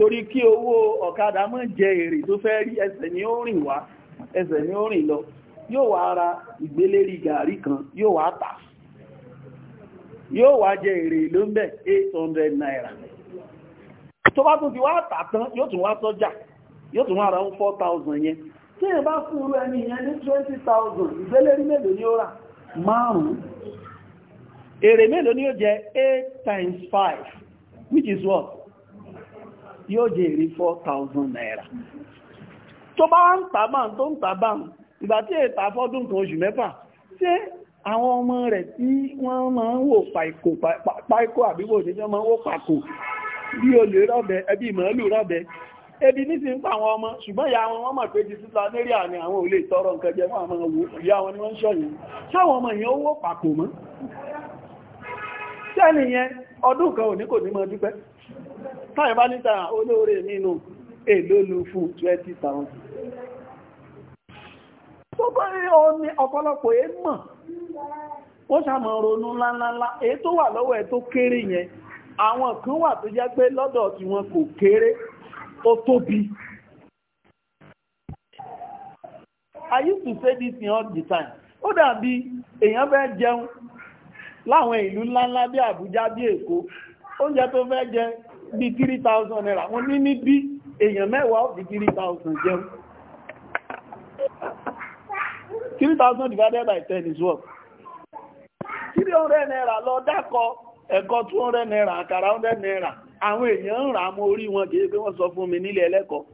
A: torí kí owó ọ̀kadà mọ́ jẹ èrè tó fẹ́ rí ẹsẹ̀ ní ó rìn wá ẹsẹ̀ ní ó lọ yóò wá ara ìgbélérí gàárì kan yóò wá tà yóò wá jẹ èrè ló ń bẹ̀ 800 naira tó bá tún fi wá tà tán yóò tún wá sọ́jà yóò tún 4000 yẹn tí bá fún irú ẹni 20000 ìgbélérí mélòó ni ó rà márùn-ún èrè 8 times 5 which is what yóò jẹ èrè 4,000 naira tó bá ń tàbà tó ń tàbà ìgbà tí èta fọ́dún kan oṣù mẹ́fà ṣé àwọn ọmọ rẹ̀ tí wọ́n máa ń wò pàíkò àbíwò ní tí wọ́n máa ń wò pàkò bí olè rọ́bẹ ẹbí màálù rọ́bẹ ebi ní ti ń pa àwọn ọmọ ṣùgbọ́n ìyá wọn wọ́n mọ̀ pé ti síta lérí àní àwọn olè tọrọ nǹkan jẹ fún àwọn owó ìyá wọn ni wọ́n ń ṣọ́yìn sáwọn ọmọ yẹn owó pàkò mọ́ sẹ́ni yẹn ọdún kan ò ní kò ní mọ́ dúpẹ́ táyẹ̀ bá níta olóore nínú èlò ló fún 20,000 gbogbo omi ọ̀pọ̀lọpọ̀ èé mọ̀ ó sàmọ̀ ronú ńláńláńlá èé tó wà lọ́wọ́ ẹ̀ tó kéré yẹn àwọn kan wà tó jẹ́ pé lọ́dọ̀ tí wọn kò kéré ó tóbi I used to say this all the time ó dàbí èèyàn fẹ́ jẹun láwọn ìlú ńláńlá bí Àbújá bí Èkó oúnjẹ tó fẹ́ jẹ bí 3,000 naira wọ́n ní ní bí èèyàn mẹ́wàá bí 3,000 jẹun 3,000 divided by 10 is what 300 naira lọ dákọ ẹ̀kọ́ 200 naira àkàrà 100 naira àwọn èèyàn ń rà mọ́ orí wọn kìí pé wọ́n sọ fún mi nílé ẹlẹ́kọ̀ọ́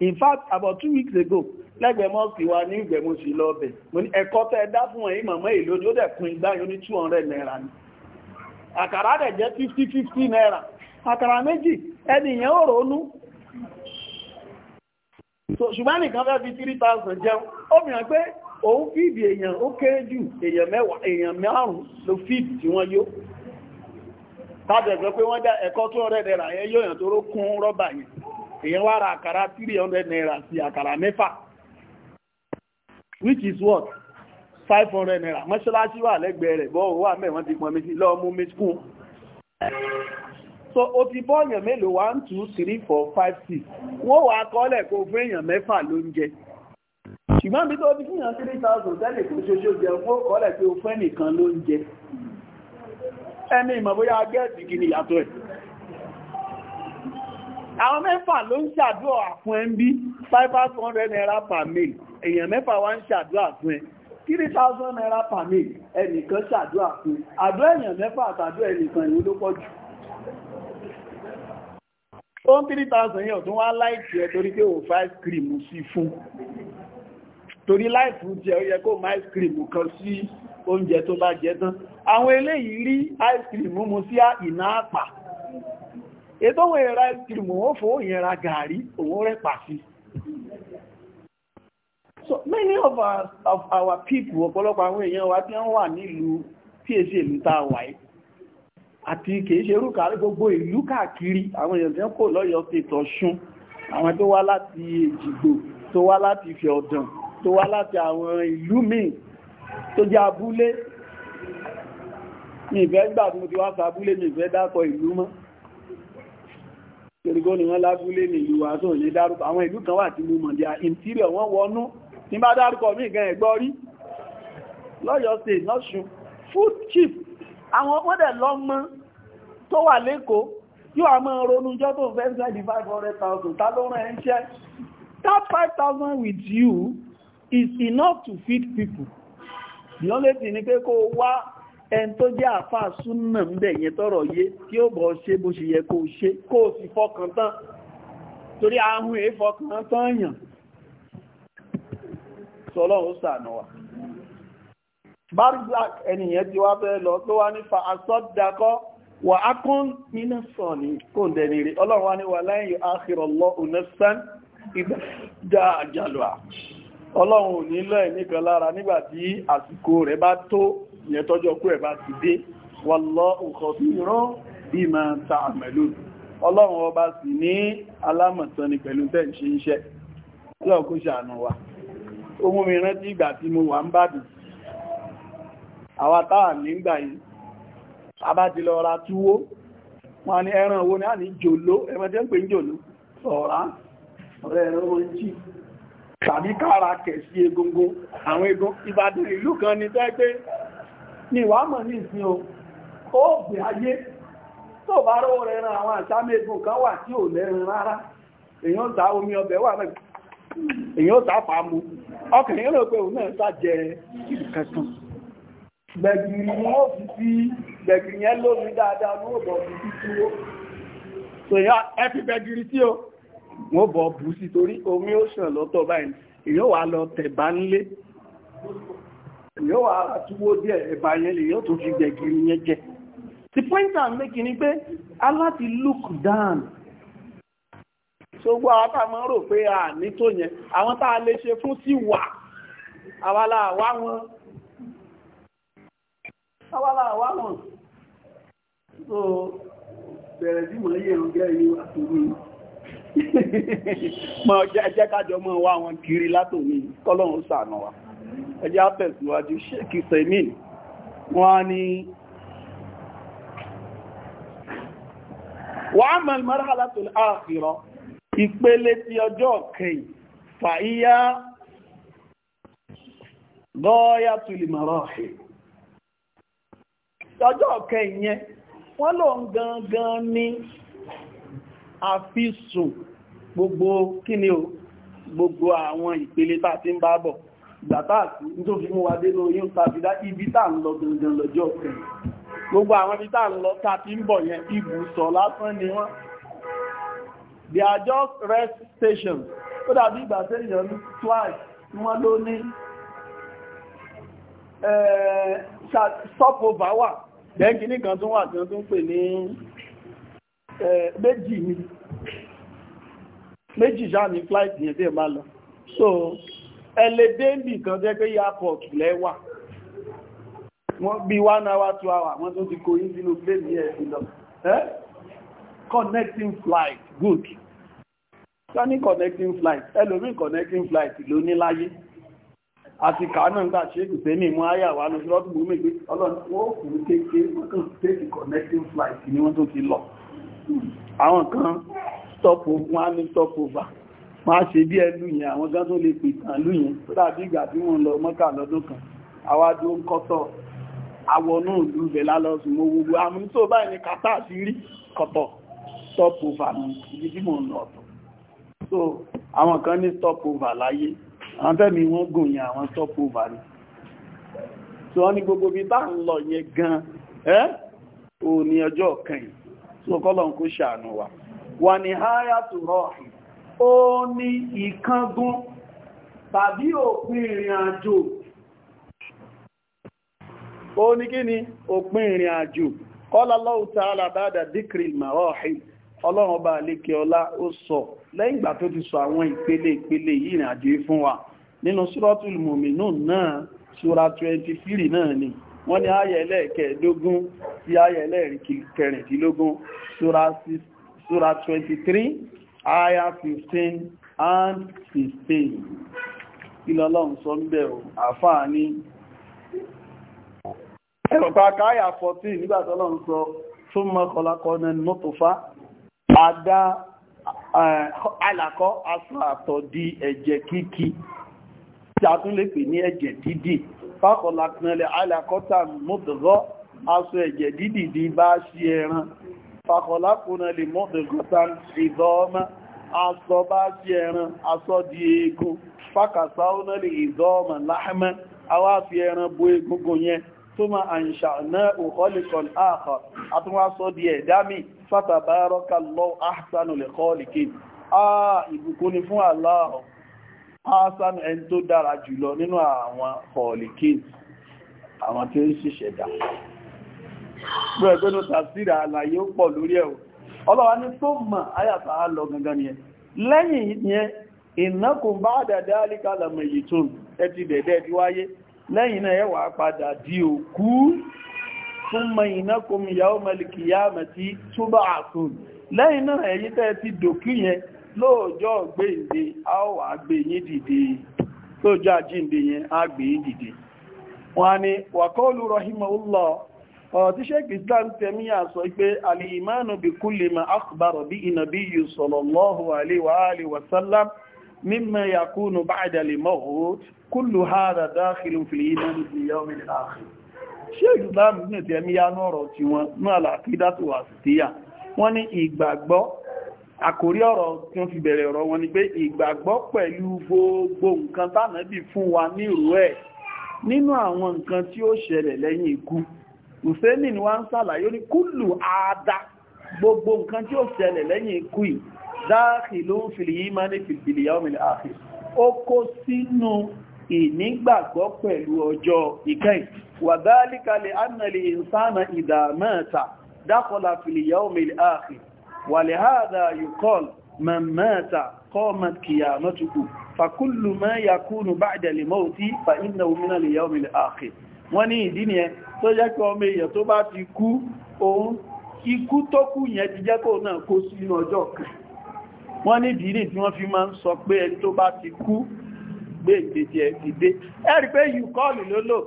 A: in fact about two weeks ago lẹ́gbẹ̀ẹ́ mọ́sí wa ní ìgbẹ̀mọ́ sí lọ́ọ̀bẹ̀ ẹ̀kọ́ tẹ́ dá fún ẹ̀yìn mọ̀mọ́ èlò ni ó dẹ̀ kún igbá yóò ní 200 naira ni àkàrà dẹ̀ jẹ́ 50-50 naira àkàrà méjì ẹnìyàn ò rónú ṣùgbọ́n nìkan fẹ́ fi 3000 jẹun ó mìíràn pé òun fíìdì èèyàn ó kéré jù èèyàn mẹ́wàá èèyàn márùn ló fíìdì tí wọ́n yó tàbẹ̀ẹ̀sọ́ pé wọ́n dá ẹ̀kọ́ 200 naira yẹn yóò yàn tó ró kún rọ́bà yẹn èèyàn wá ra àkàrà 300 naira sí àkàrà mẹ́fà which is what 500 naira mọ́ṣáláṣí wà lẹ́gbẹ̀ẹ́ rẹ̀ bọ́ sọ ó ti bọ́ èèyàn mélòó one two three four five six wọ́n wàá kọ́lẹ̀ kó fún èèyàn mẹ́fà lóúnjẹ ṣùgbọ́n bí tó ti fún èèyàn three thousand tẹ́lẹ̀ kó ṣoṣo jẹun wọ́n kọ́lẹ̀ pé o fẹ́ nìkan lóúnjẹ ẹni ìmọ̀ bóyá gẹ́ẹ̀sì kí ni ìyàtọ̀ ẹ̀ àwọn mẹ́fà ló ń ṣàdúrà fún ẹ bí 500 naira per meal èèyàn mẹ́fà wá ń ṣàdúrà fún three thousand naira per meal ẹnìkan ṣàdúrà fún àdúrà èèyàn mẹ́fà àtàdúrà ẹnìkan ìwó ló pọ̀ jù ó ń 3000 yẹn ọ̀tún wá láìpì ẹ̀ torí pé ò fáìs kìrìmù sí fún torí láìpù jẹ ó yẹ kó ice cream kan sí oúnjẹ tó bá jẹ tán àwọn eléyìí rí ice cream mú sí ìná àpà ètò òun ẹ̀rọ ice cream ó fò òyìn ra gàrí òun rẹ̀ pàṣí so many of our, of our people ọ̀pọ̀lọpọ̀ àwọn èèyàn wa tí wọ́n wà nílùú tí èsì ìlú tá a wà àti kìí ṣe rúkà gbogbo ìlú káàkiri àwọn èèyàn tí ó kò lọ́yọ́ ti tọ̀ṣun àwọn tó wá láti èjìgbò tó wá láti ìfẹ̀ ọ̀dàn tó wá láti àwọn ìlú míì tó jẹ́ abúlé mi ìfẹ́ gbà tí mo ti wá sa abúlé mi ìfẹ́ dákọ̀ ìlú mọ́ torígó ni wọ́n lábúlé ní ìlú wa tó ní dárúkọ àwọn ìlú kan wà tí mo mọ̀ díà interior wọ́n wọnú tí bá dárúkọ mí gan ẹ̀gbọ́ rí lọ́yọ́ state lọ́ṣun food cheap àwọn ọmọdé lọ́mọ tó wà lẹ́kọ̀ọ́ yóò a máa ronújọ́ tó fẹ́ 25,000 tá ló rán ẹ̀ṣẹ́ that 5,000 with you is enough to feed people the only thing ni pé kó wá ẹn tó jẹ́ àfáà súnmọ̀ ń bẹ̀ yẹn tọ́rọ̀ yé tí ó bọ̀ ṣe bó ṣe yẹ kó ṣe kó o sì fọkàn tán torí ahun èé fọkàn tán yàn sọlọ́run ó ṣàánú barzak ẹniyàn ti wá fẹ́ lọ tó wá ní fa asọ́dakọ́ wà á kún nínú sọ̀ní kò dẹ̀ni rí ọlọ́run wá ní wà lẹ́yìn àkìrọ̀lọ́ onẹ́sán ìgbàjá àjálùwà ọlọ́run ò nílò ẹ̀ nìkan lára nígbàtí àsìkò rẹ̀ bá tó ìyẹn tọ́jọ́ kú ẹ̀ bá ti dé wallahu khabirun bima ta'malun ọlọ́run ohun mìíràn tí ìgbà tí mo wà ń bàdì àwa táà nígbà yìí abájí lọ ra túwó wọ́n ní ẹran owó ní àní jòló ẹmọ tí ó ń pè ń jòló ọ̀rá ọ̀rẹ́ ẹ̀rọ egungun àwọn egun Ìbàdàn ìlú kan ní tẹ́gbé ní ìwámọ̀ ní ìsìn o ó gbé ayé tó bá rẹ̀ ran àwọn kan wà tí ò lẹ́rin omi ọbẹ̀ wà ta fàámu ọkùnrin pé òun náà gbẹ̀gìrì ni wọ́n fi sí gbẹ̀gìrì yẹn lómi dáadáa ní òbọ̀ bú sí tí ó so yá ẹ fi gbẹ̀gìrì tí ó wọ́n bọ̀ bú sí torí omi ó ṣàn lọ́tọ̀ báyìí èyàn wà lọ tẹ̀bá ńlé èyàn wà túwó díẹ̀ ẹ̀bà yẹn lè yóò tó fi gbẹ̀gìrì yẹn jẹ the point I'm making ni pé aláti look down sógbó àwọn táà máa rò pé à ní tó yẹn àwọn táà lè ṣe fún sí wà àwa la wá wọn káwàlá wà mọ̀ so bẹ̀rẹ̀ sí mọ̀ yí ẹ̀rùn gẹ́ ìlú àtòrú mọ̀ jẹ́ kájọ mọ́ wá wọn kiri látòmí kọ́lọ́run ṣàánú wa ẹjẹ́ àtẹ̀síwájú ṣékì sẹ́mìn wọ́n á ní wàá mọ̀ mọ́rànlá tó láàfihàn ìpele ti ọjọ́ kẹyìn fàíyá gọ́ọ́yà tulimọ̀rọ̀ ọ̀hìn tọ́jọ́ ọ̀kẹ́ ìyẹn wọ́n lò ń gangan ní àfisùn gbogbo kíni o gbogbo àwọn ìpele tá ti ń bá bọ̀ gbàtàkì tó fi mú wa dé lóyún tàbídá ibi tá ń lọ gangan lọ́jọ́ ọ̀kẹ́ gbogbo àwọn ibi tá ń lọ tá ti ń bọ̀ yẹn ibùsọ̀ lásán ni wọ́n they are just rest stations ó dàbí ìgbà tẹ́lẹ̀ ní twice wọ́n ló ní eh, stopover dẹ́kì ní kan tún wà tí wọ́n tún pè ní méjì ní méjì ṣáà ní flight yẹn tí ẹ bá lọ so ẹlẹ́dẹ́ndì kan jẹ́ pé airport lẹ́wà wọ́n bí one hour two hour wọ́n tún ti kó yí sínú plane yẹn sí lọ connecting flight good sani connecting flight ẹlòmí connecting flight ló ní láyé àti kàánà ń gbà ṣe ìgbùsẹ́ ní ìmú ayà wà ní ṣọ́tù gbùmí pé ọlọ́run ó kù kéèké wọ́n tẹ́kì connecting flight ni wọ́n tó ti lọ àwọn kan stop ogun á ní stop over wọ́n á ṣe bí ẹlú yẹn àwọn gan tó lè pè tàn lú yẹn tó dàbí ìgbà tí wọ́n lọ mọ́kà lọ́dún kan àwádó ń kọ́tọ̀ awọnú ìlú ibẹ̀ lálọ́sùn mo gbogbo àmì tó báyìí ní kàtà sí rí kọ́tọ̀ stop over ní ibi tí mò ń lọ ọ̀tọ̀ so àwọn kan ní stop over láyé àwọn tẹ́mi wọ́n gùn yẹn àwọn tọ́pù bàrí tí wọ́n gbogbo bí bá ń lọ yẹn gan ẹ́ o ní ọjọ́ kẹyìn tí ó kọ́lọ̀ ń kó ṣàánú wa wà ní háyà tó rọ̀ ó ní ìkángun tàbí òpin ìrìn àjò ó ní kí ni òpin ìrìn àjò kọ́lá ọlọ́run ọba àlékè ọlá ó sọ lẹ́yìn ìgbà tó ti sọ àwọn ìpele ìpele yìí ìrìn àjò fún wa nínú suratul mu'minun náà sura 23 náà ni wọ́n ní ayẹ̀ ẹlẹ́ẹ̀kẹ́ẹ̀dógún sí ayẹ̀ ẹlẹ́ẹ̀kẹrìndínlógún sura 23 ayah 15 and 16 ìlọ́lọ́run sọ ń bẹ̀ ò àfáà ní ẹ̀rọ̀pá káyà 14 nígbàtọ́lọ́run sọ thumma khalaqna nutfa adá eh, alàkọ́ asán àtọ̀ di ẹ̀jẹ̀ kíkí tí a tún lè pè ní ẹ̀jẹ̀ dídì fákọ̀lá kanlẹ̀ alàkọ́ta mọ́tọ̀gọ́ aṣọ ẹ̀jẹ̀ dídì di bá ṣe ẹran fákọ̀lá kanlẹ̀ mọ́tọ̀gọ́ta ìdọ́ọ́mọ́ aṣọ bá ṣe ẹran aṣọ di eegun fákàtà ọ́nàlẹ̀ ìdọ́ọ́mọ́ láhẹ́mẹ́ awá fi fata fatabarakallahu ahsanu liqaliki ah ibukuni fun allah ahsan en to dara julo ninu awon qaliki awon ti si seda bo gbe no tafsir ala yo po lori e o olowa ni to ma aya ta lo gangan ni leyin ye innakum ba'da dalika lamayitun eti dede di waye leyin na e wa pada di oku thumma innakum yawmal qiyamati tub'athun lẹ́yìn náà ẹ̀yin tẹ́ ti dòkú yẹn lóòjọ́ gbéǹde a ó wà gbé yín dìde lóòjọ́ àjíǹde yẹn a gbé yín dìde wọ́n ní wàkọ́ọ̀lù rahimahullah ọ̀rọ̀ tí sheik islam tẹ̀míyà sọ pé alìmánu bí kulli ma akhbara bí nabiyyu sallallahu alaihi wa sallam mimma yakunu ba'da kullu hadha dakhilun fil iman bi yawmil akhir ṣe ìsìláàmù ní ti ẹmí yá nọ́rọ̀ tí wọ́n ní àlàkídá tó wà sí tíyà wọ́n ní ìgbàgbọ́ àkórí ọ̀rọ̀ tí wọ́n fi bẹ̀rẹ̀ ọ̀rọ̀ wọn ni pé ìgbàgbọ́ pẹ̀lú gbogbo nǹkan tánàbí fún wa ní ìrú ẹ̀ nínú àwọn nǹkan tí ó ṣẹlẹ̀ lẹ́yìn ikú Hùsẹ́nì ni wọ́n ń sàlàyé ní kúlù ada gbogbo nǹkan tí ó ṣẹlẹ̀ lẹ́yìn ikú yìí dáàkì ló ń fìlì yìí máa ní fìlì yàwó mi láàfin ó kó sínú ìnígbàgbọ́ pẹ̀lú ọjọ́ ìkẹyìn wà dáálíkalẹ̀ annàlè ìsánà ìdàmẹ́ta dákọlá fìlìyà omìlì ààfì wà lè háàdà yùkọl mẹ́mẹ́ta kọ́mọ̀t kìyà mọ́tukù fàkúlù mẹ́ yakúnù bájẹ̀lì mọ́tí fa iná omìnà lè yà omìlì ààfì wọ́n ní ìdí ni ẹ tó jẹ́ kí ọmọ èèyàn tó bá ti gbéǹde tí ẹ ti dé ẹ̀rí pé yìí kọ́ọ̀lù ló lò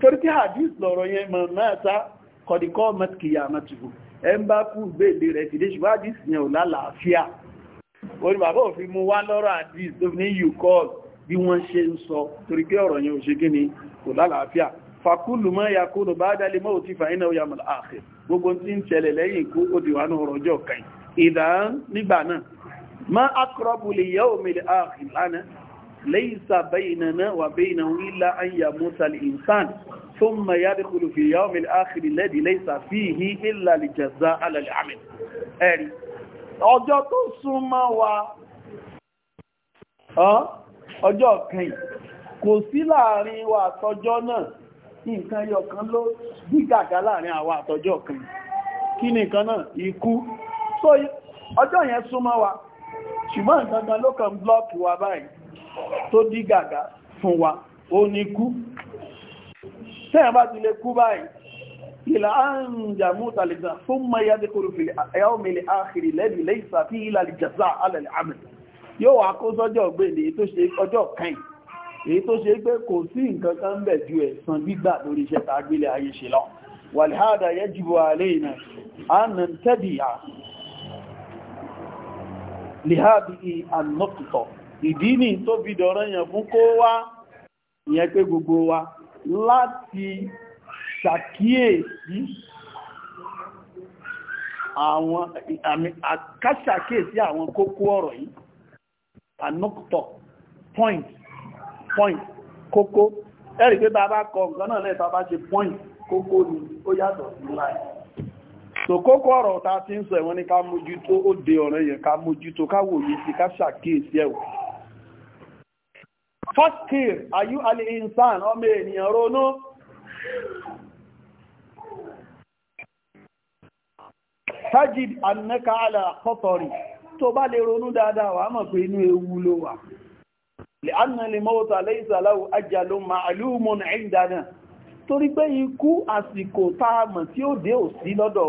A: torí tí hadith lọ̀rọ̀ yẹn mọ̀ náà sá kọ̀díkọ́ mẹ́tìkìyà mẹ́tìkù ẹ ń bá kú gbéǹde rẹ̀ ti dé ṣùgbọ́n hadith yẹn ò lálàáfíà orí bàbá òfin mú wá lọ́rọ̀ hadith tó fi ní yìí kọ́ọ̀lù bí ni kò ìdá nígbà náà ma akọrọ̀bù lè yẹ́ òmìnir ààfẹ́ lánàá laysa baynana wa baynahu illa an yamuta al-insan thumma yadkhulu fi yawm al-akhir alladhi laysa fihi illa al-jazaa' ala al-'amal ẹ̀rí ọjọ́ tó súnmọ́ wa ọjọ́ kan kò sí láàrin wa àtọjọ́ náà nǹkan yọkan ló dígàgá láàrin àwa àtọjọ́ kan kí ni nǹkan náà so ọjọ́ yẹn súnmọ́ wa ṣùgbọ́n nǹkan ló kàn blọ́ọ̀kì wa báyìí tó dí gàgà fún wa ó ní kú tẹ́yàn bá ti lè kú báyìí ìlà àǹjà mútàlìjà fún mayá dékòrò fìlẹ̀ ẹ̀ọ́mìlẹ̀ àkìrì lẹ́bì lẹ́ìsà tí ìlà ìjàzà alẹ́lẹ̀ àmì yóò wà kó sọ́jọ́ ọ̀gbẹ́ni èyí tó ṣe ọjọ́ kan èyí tó ṣe pé kò sí nǹkan kan bẹ̀ ju ẹ̀san gbígbà lórí iṣẹ́ ta gbélé ayé ṣe lọ wàlìhádà yẹ́ jìbò àlẹ́ ìnà àmì tẹ́dìyà
B: lìhábì
A: ànọ́kùtọ̀ ìdí ni tó fi dọ̀rọ̀ yàn fún kó wá ìyẹn pé gbogbo wa láti ṣàkíyèsí àwọn àmì àwọn kókó ọ̀rọ̀ yìí anọ́kùtọ̀ point point kókó ẹ̀rì pé bàbá kọ nǹkan náà lẹ́ta bá ṣe point kókó ni ó yàtọ̀ sí láì kókó ọ̀rọ̀ ta ti ń sọ ẹ̀wọ́n ní ká mójútó ó de ọ̀rọ̀ yẹn ká mójútó ká fọ́skìr ayú alìhìnsàn ọmọ ènìyàn ronú tajid annaka ala kọtọrì tó bá lè ronú dáadáa wà mọ̀ pé inú ewu ló wà lè anna lè mọ́ta lẹ́ìsàláwò ajalò ma'alúmùn ìdánà torí pé ikú àsìkò táàmà tí ó dé ò sí lọ́dọ̀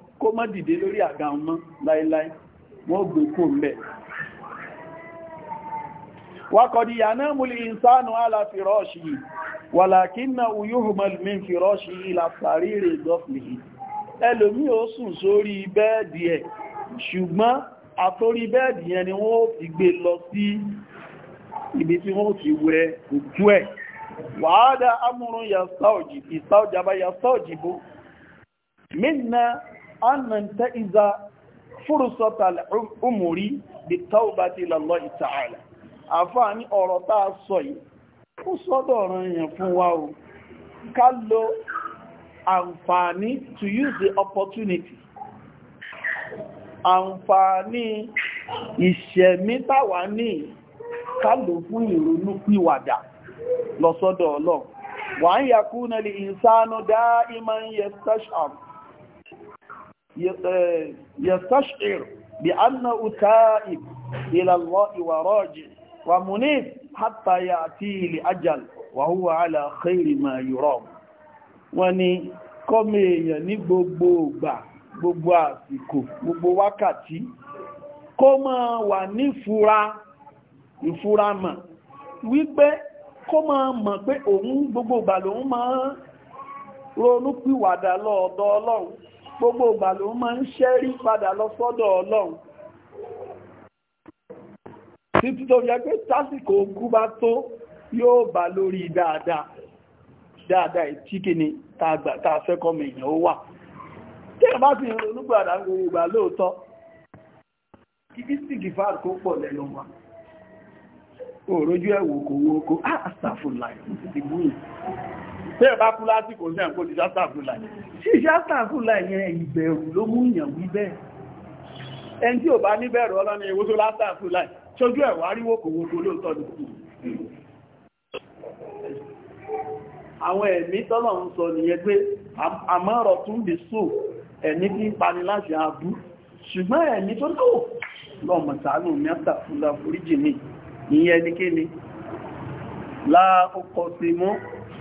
A: kó má dìde lórí àga ọmọ láíláí wọ́n gbé kó mẹ́ wákọ̀dí yàná múlì ìsánú aláfirọ́ṣì yìí wàlàkínà uyúhùmọ̀lù min firọ́ṣì yìí làfàríre gọ́fìlì ẹlòmí ó sùn sórí bẹ́ẹ̀dì ẹ̀ ṣùgbọ́n àtórí bẹ́ẹ̀dì yẹn ni wọ́n ti gbé lọ ananta iza fúrùsọ́tà umùrí bí tọ́ọ̀bá ti lọ́lọ́ ìtààlà àfáà ní ọ̀rọ̀ táa sọ yìí kú sọ́dọ̀ ọ̀rọ̀ èèyàn fún wa o ká lo àǹfààní to use the opportunity àǹfààní ìṣẹ̀mí táwa ní ká lò fún ìrònú pìwàdà lọ sọ́dọ̀ ọlọ́run wà ń yakú náà lè ìsánú dá ìmọ̀ ń yẹ stasham يستشعر بأنه تائب إلى الله وراجع ومنيب حتى يأتيه لأجل وهو على خير ما يرام wọ́n ní kọ́mọ èèyàn ní gbogbo ìgbà gbogbo àsìkò gbogbo wákàtí kó máa wà ní ìfura ìfura mọ̀ wípé kó máa mọ̀ pé òun gbogbo ìgbà lòun máa ronú pìwàdà lọ́ọ̀dọ̀ Ọlọ́run gbogbo ìgbà ló máa ń ṣẹ́rí padà lọ sọ́dọ̀ ọlọ́run títí tó yẹ pé tásìkò ogun bá tó yóò bá lórí dáadáa dáadáa ìtí kìíní tá a èèyàn ó wà tí ẹ bá ti ń ronú gbogbo ìgbà lóòótọ́ kó pọ̀ lẹ́nu wa òrojú ẹ̀wò tí ẹ bá kú lásìkò sí ẹ̀kọ́ ní ṣáṣàkúlà sí ṣáṣàkúlà yẹn ìbẹ̀rù ló mú yàn wí bẹ́ẹ̀ ẹni tí ò bá níbẹ̀rù ọlọ́ni ewó tó lásàkúlà ṣojú ẹ̀wà ríwó kòwòkò lóòtọ́ àwọn ẹ̀mí tọ́lọ̀ pani láti àbú ṣùgbọ́n ẹ̀mí tó tó lọ́mọ̀tánù mẹ́ta fúnlá foríjì ní ìyẹn ní kéni láàkọ́kọ́ sí mú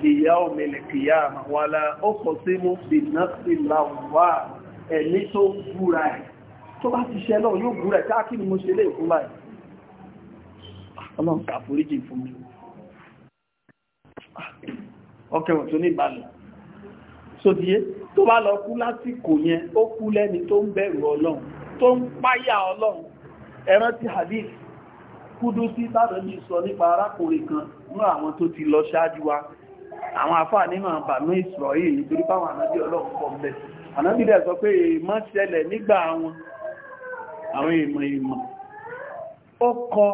A: بيوم القيامة ولا أقسم بالنفس اللوامة ẹ̀mí tó búra ẹ̀ tó bá ti ṣe náà yóò búra ẹ̀ káàkì ni mo ṣe lè fún báyìí ọlọ́run kàforíjì fún mi ọkẹwọ̀n tó ní ìbálẹ̀ sódíé tó bá lọ kú lásìkò yẹn ó kú lẹ́ni tó ń bẹ̀rù ọlọ́run tó ń páyà àwọn afáà nínú àbàmí nítorí báwọn ànábí ọlọ́run pọ̀ mẹ́ ànábí dẹ̀ sọ pé èèmọ̀ ṣẹlẹ̀ nígbà àwọn àwọn ìmọ̀ ìmọ̀ ó kọ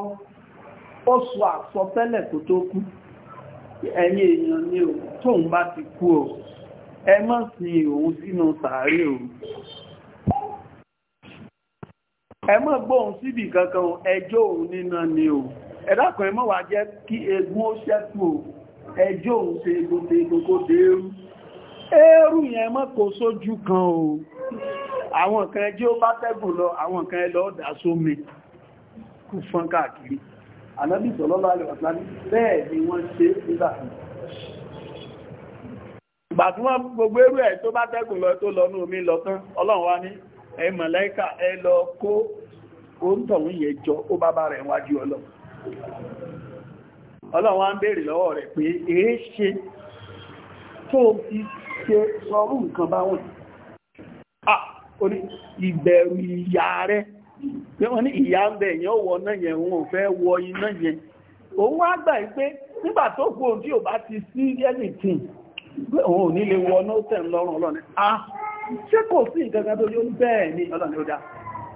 A: ó sọ àsọtẹ́lẹ̀ tó tó kú ẹ̀yin èèyàn ni ò tóun bá ti kú o ẹ sin òun sínú o ẹ kankan ẹjọ́ òun nínú ni wá jẹ́ kí egun ó ṣẹ́kù o ẹjọ́ òun ṣe egbòtegbo kó dérú eérú yẹn mọ́ kò sójú kan o àwọn kan ẹjọ́ ó bá tẹ́gùn lọ àwọn kan ẹlọ ọ̀dà sómi kú fán káàkiri anábì sọ̀lọ́lá alẹ́wàsílámi bẹ́ẹ̀ ni wọ́n ṣe nígbà ìgbà tí wọ́n gbogbo eérú ẹ̀ tó bá tẹ́gùn lọ tó lọ ní omi lọ tán ọlọ́run wá ní ẹ mọ̀lẹ́kà ọlọ́run wá ń béèrè lọ́wọ́ rẹ̀ pé èé ṣe tó ti ṣe sọrú nǹkan bá wọn orí ìbẹ̀rù ìyà rẹ̀ pé wọ́n ní ìyà ń bẹ̀ yẹn wọ náà yẹn fẹ́ wọ iná yẹn òun wá pé nígbà tó tí ò bá ti sí anything wọ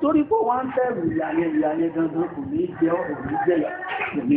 A: torí pé wọ́n kò ní jẹ́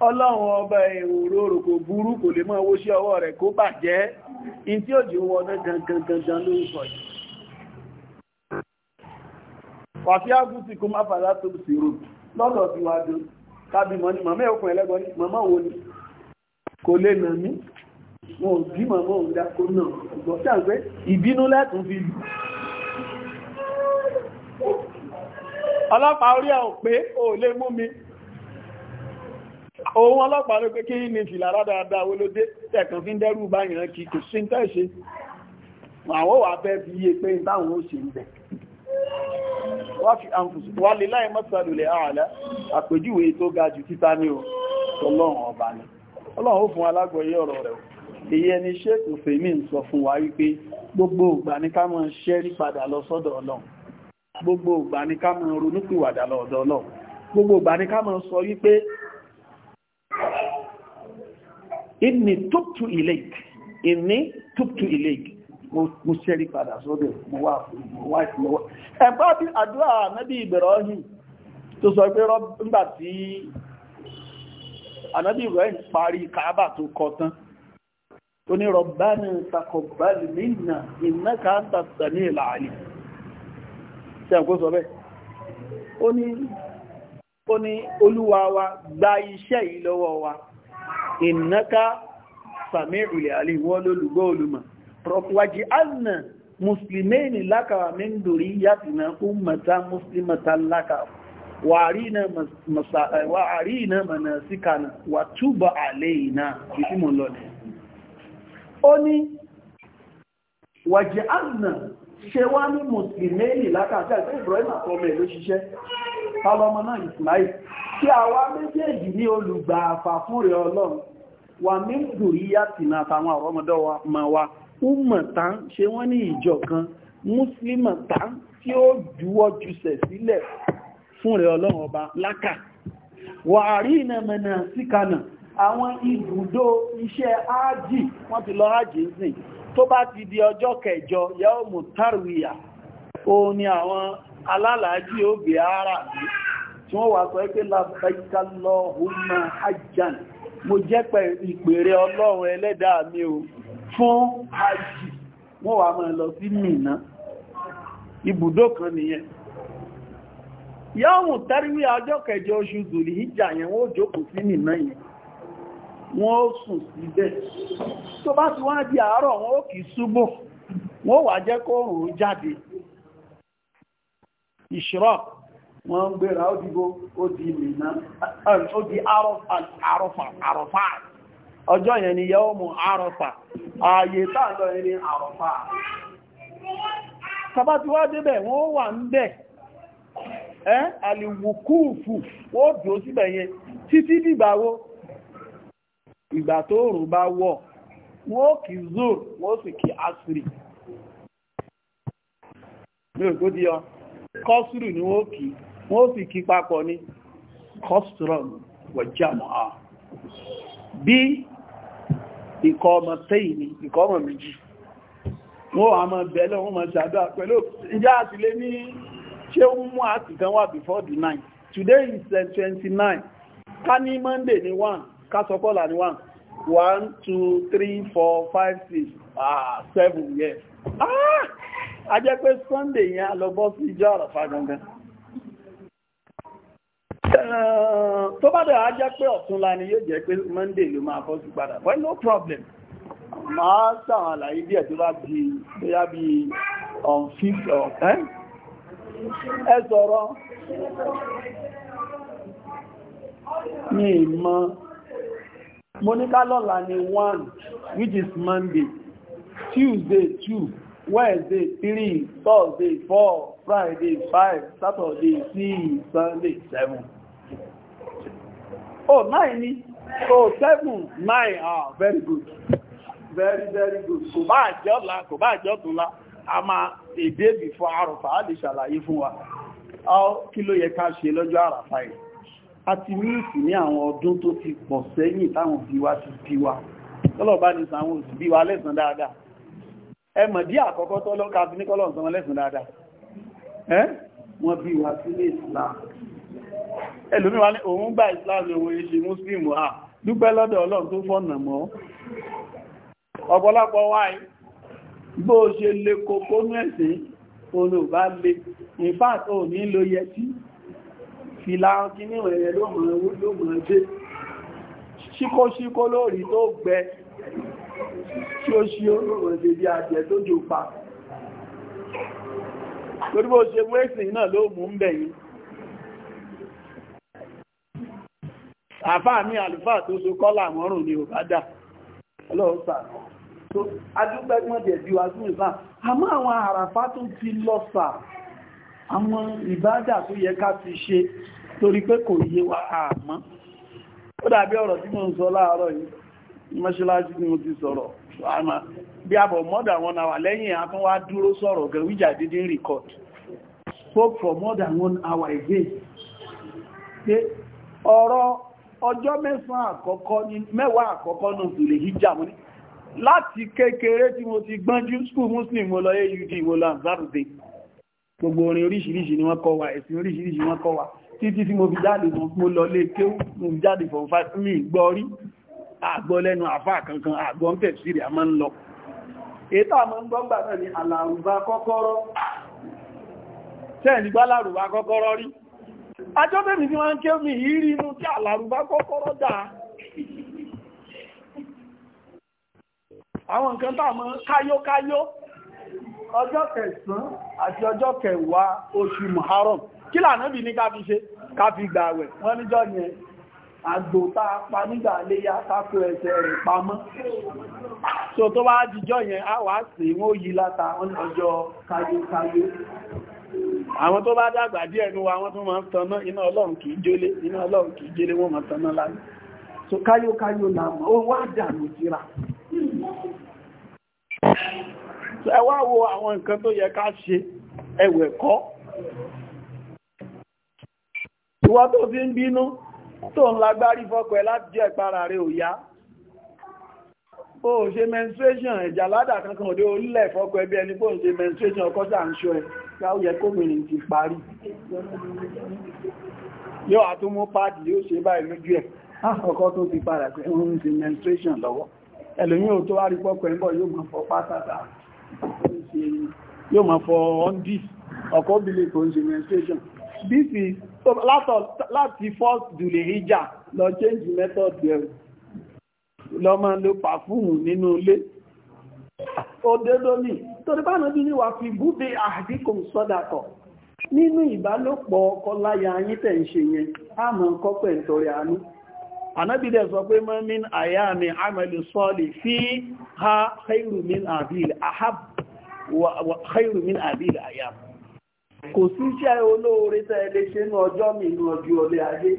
A: ọlọ́run ọba èrò rò kò burú kò lè máa wóṣẹ́ ọwọ́ rẹ̀ kó bàjẹ́ in tí òjò wọ́n gangan ló ń sọ yìí wàfí ágùsì kó má fàdá tó sì rò lọ́dọ̀ sí wa dùn tàbí mọ́ ní màmá ẹ̀kùn ẹlẹ́gbọ́n ọlọ́pàá orí ẹ̀ ò lè mú mi òun ọlọ́pàá ló pé kí ní fìlà rádáadáa owó tẹ̀kàn fi ń dẹ́rù bá yìnrán kí kò sí tẹ́ ṣe àwọn wà fi iye pé ìbáwọn ó ṣe ìbẹ̀ wà lè láì mọ́sàlùlẹ̀ ààlẹ́ àpèjúwe tó ga jù títà ní o ọba ni ọlọ́run ó fún alágbọ̀yé ọ̀rọ̀ fún wa gbogbo inni tuptu ilayk inni tuptu ilayk mo ṣẹ́rí padà sódò mo wà fún mo wà fún lọ́wọ́ ẹ̀gbọ́ bí àdúrà nábì Ibrahim tó sọ pé nígbà tí ànábì Ibrahim parí Kaaba tó kọ tán ó ní Rabbana taqabbal minna innaka antas sami'ul alim tí a kó sọ bẹ́ ó ní olúwa wa gba iṣẹ́ yìí lọ́wọ́ wa ìnáka sàmì ìrìnlẹ̀ alẹ́ ìwọ́ lólùgbọ́ olùmọ̀ rọ̀pùwàjì alìnà musulmẹ́ni lákàwà min dorí yàtìnà ummata muslimata lákàwà wàárínà manasikana wà túbọ̀ alẹ́ ìná ìfimọ̀lọ́nà ó oni waji alìnà ṣe wá ní mùsùlùmí lákàtà ìpé Ibrahim àtọ́mẹ̀ ló ṣiṣẹ́ tálọ́mọ náà Ismail tí àwa méjèèjì ní olùgbà àfà fún rẹ̀ Ọlọ́run wà ní ìdòríyá tìǹà àtàwọn ọ̀rọ̀mọdọ́ wa ma wa umọ̀tán ṣe wọ́n ní ìjọ kan mùsùlùmọ̀tán tí ó juwọ́ jùsẹ̀ sílẹ̀ fún rẹ̀ Ọlọ́run ọba lákà wà rí ìnàmẹ̀nà síkànà àwọn ibùdó iṣẹ́ ájì wọ́n ti lọ ájì ń sìn tó bá ti di ọjọ́ kẹjọ yàó mú tàrwìyà ó àwọn alálàájí ara tí wọ́n wà sọ pé labbaika Allahumma hajjan mo jẹ́ pẹ̀ ìpèrè ọlọ́run ẹlẹ́dà mi o fún hajji wọ́n wà máa lọ sí Mínà ibùdó kan nìyẹn mú ọjọ́ kẹjọ oṣù yẹn wọ́n jókòó sí wọ́n ó sùn síbẹ̀ tó bá ti wọ́n di àárọ̀ wọ́n ó kì súbò wọ́n wà jẹ́ kó rùn jáde ìṣirọ́ wọ́n ń gbéra ó dìbò ó di mìíràn ó di àrọ̀fà ọjọ́ yẹn ni yẹ́ àrọ̀fà ààyè táàlọ yẹn ni àrọ̀fà tàbátíwá débẹ̀ wọ́n wà ń bẹ̀ ẹ́ àlìwòkúùfù wọ́n dùn síbẹ̀ yẹn títí wo. ìgbà tó òrùn bá wọ̀ wọ́n ó kì zoro wọ́n ó sì asiri ní kọ́sùrù ni wọ́n ó kì wọ́n ó sì kì papọ̀ ní kọ́sùrùn wọ̀jámọ̀ á bí ọmọ tẹ́yìn ni ọmọ méjì wọ́n a máa bẹ̀ẹ́lẹ̀ wọ́n máa ṣàdọ́ pẹ̀lú ìjá àti lé ní ṣe ń mú àti kan wà before the nine today is 29 ká monday ni 1 kásọpọ̀lá ní 1 1 2 3 4 5 6 ah 7 yes ah a jẹ́ pé sunday yẹn a lọ bọ́ sí ìjọ àràfà gangan eh, tó bá dẹ̀ a jẹ́ pé ọ̀túnla ni yóò jẹ́ pé monday ló máa bọ́ sí padà well no problem máa sàwọn àlàyé díẹ̀ tó bá bí bóyá bí on fifth of eh? ẹ sọ̀rọ̀
B: mi mọ́
A: mo ní ni one which is Monday Tuesday two Wednesday three Thursday four Friday five Saturday six Sunday seven oh nine oh seven nine ah very good very very good kò bá àjọ́ la kò bá àjọ́ tó la a máa èdè before àrùfà á lè ṣàlàyé fún wa kí ló yẹ ká ṣe lọ́jọ́ àràfà yìí a ti mísì ní àwọn ọdún tó ti pọ̀ sẹ́yìn táwọn òbí wa ti bí wa tọ́lọ̀bá ní sàwọn òsì bí wa lẹ́sàn dáadáa ẹ mọ̀ dí àkọ́kọ́ tọ́lọ́ka fi ní kọ́lọ̀ sọmọ lẹ́sàn dáadáa ẹ́ wọ́n bí wa sílé Islam ẹlòmí wa ní òun gba Islam òun ìṣe Muslim à dúpẹ́ lọ́dọ̀ Ọlọ́run fìlà kíní ẹ̀rẹ̀ ló mọ̀ ẹ́ ṣíkóṣíkó lórí tó gbẹ tí ó ṣí olóòrùn ṣe bí àjẹ́ tó jò pa torí bó ṣe wéṣìn náà ló mú ń bẹ̀ yìí àfáà ní àlùfáà tó so kọ́là mọ́rùn ni ò bá dà ọlọ́ọ̀sà tó adúgbẹ́gbọ́n dẹ̀ bí wá sí ìfà àmọ́ àwọn àràfá tó tó yẹ ká ti ṣe torí pé kò yé wa àmọ́ ó dàbí ọ̀rọ̀ tí mo ń sọ láàárọ̀ yìí mọ́ṣáláṣí ni mo ti sọ̀rọ̀ àmà bí abọ̀ mọ́dà wọn náà wà lẹ́yìn àtún wá dúró sọ̀rọ̀ gan wíjà dídín record spoke for more than one hour again pé ọ̀rọ̀ ọjọ́ mẹ́sàn-án àkọ́kọ́ ní mẹ́wàá àkọ́kọ́ náà sì lè hijab ní láti kékeré tí mo ti gbọ́njú school muslim mo lọ aud mo lọ azarde gbogbo orin oríṣiríṣi ni wọ́n kọ́ wa ẹ̀sìn oríṣiríṣi wọ́n kọ́ wa títí tí mo fi jáde mo lọ lé kéwú mo fi jáde fún gbọ́ rí àgbọ́ lẹ́nu àfá kankan àgbọ́ ń a máa ń lọ ètò àmọ́ gbọ́ngbà náà ni àlàrùbá kọ́kọ́rọ́ tẹ́ẹ̀ nígbà lárùbá kọ́kọ́rọ́ rí ajọ́bẹ̀mí tí wọ́n ké mi rí inú tí àlàrùbá kọ́kọ́rọ́ dà àwọn nǹkan káyókáyó ọjọ́ kẹsàn-án àti kí lànábì ní ká fi ṣe ká fi gbààwẹ̀ wọ́n níjọ́ yẹn àgbò pa nígbà léyá kákó ẹsẹ̀ rẹ̀ pamọ́ so tó bá jíjọ́ yẹn á wá sí wọ́n yí láta ọjọ́ káyékáyé àwọn tó bá dàgbà díẹ̀ ní wa wọ́n tó máa ń tanná iná ọlọ́run kìí jólé wọ́n máa tanná láyé so káyókáyó làmọ́ ó wá dànù síra ẹ ìwọ tó fi ń bínú tó ń lágbárí fọ́kọ̀ ẹ láti jẹ́ ìpara rẹ̀ ò yá ó ṣe menstruation ẹ̀jà ládà kankan òde orílẹ̀ fọ́kọ̀ ẹbí ẹni pọ́ ṣe menstruation ọkọ́ sà ń ṣọ́ ẹ káwọ́ yẹ kómìnrin ti parí yóò àtúmú pàdì yóò ṣe báyìí lójú ẹ̀ ọkọ́ tó ti padà pé ń ṣe menstruation lọ́wọ́ ẹlòmí ò tó wá rí fọ́kọ̀ ẹ̀bọ̀ yóò máa fọ pátátà yóò máa fọ ọ́ndì ọkọ̀ obìnrin kò ń ṣe menstruation this is so láti first dùlé hijab lọ change method there lọ máa lo pàfúùmù nínú ilé òdodo ni torí bá náà bí ní wà fi búdé àdíkò sọ́dàtọ̀ nínú ìbálòpọ̀ ọkọ láya yín tẹ̀ ń ṣe yẹn àmọ́ nǹkan pẹ̀ ń torí àánú ànábì dẹ̀ sọ pé mọ́ min àyà mi àmàlù sọ́ọ̀lì fi ha khairu min àbíl àyà mi kò sí iṣẹ́ olóore tẹ́ lè ṣe ní ọjọ́ mìíràn ọjọ́ ọlẹ́ ayé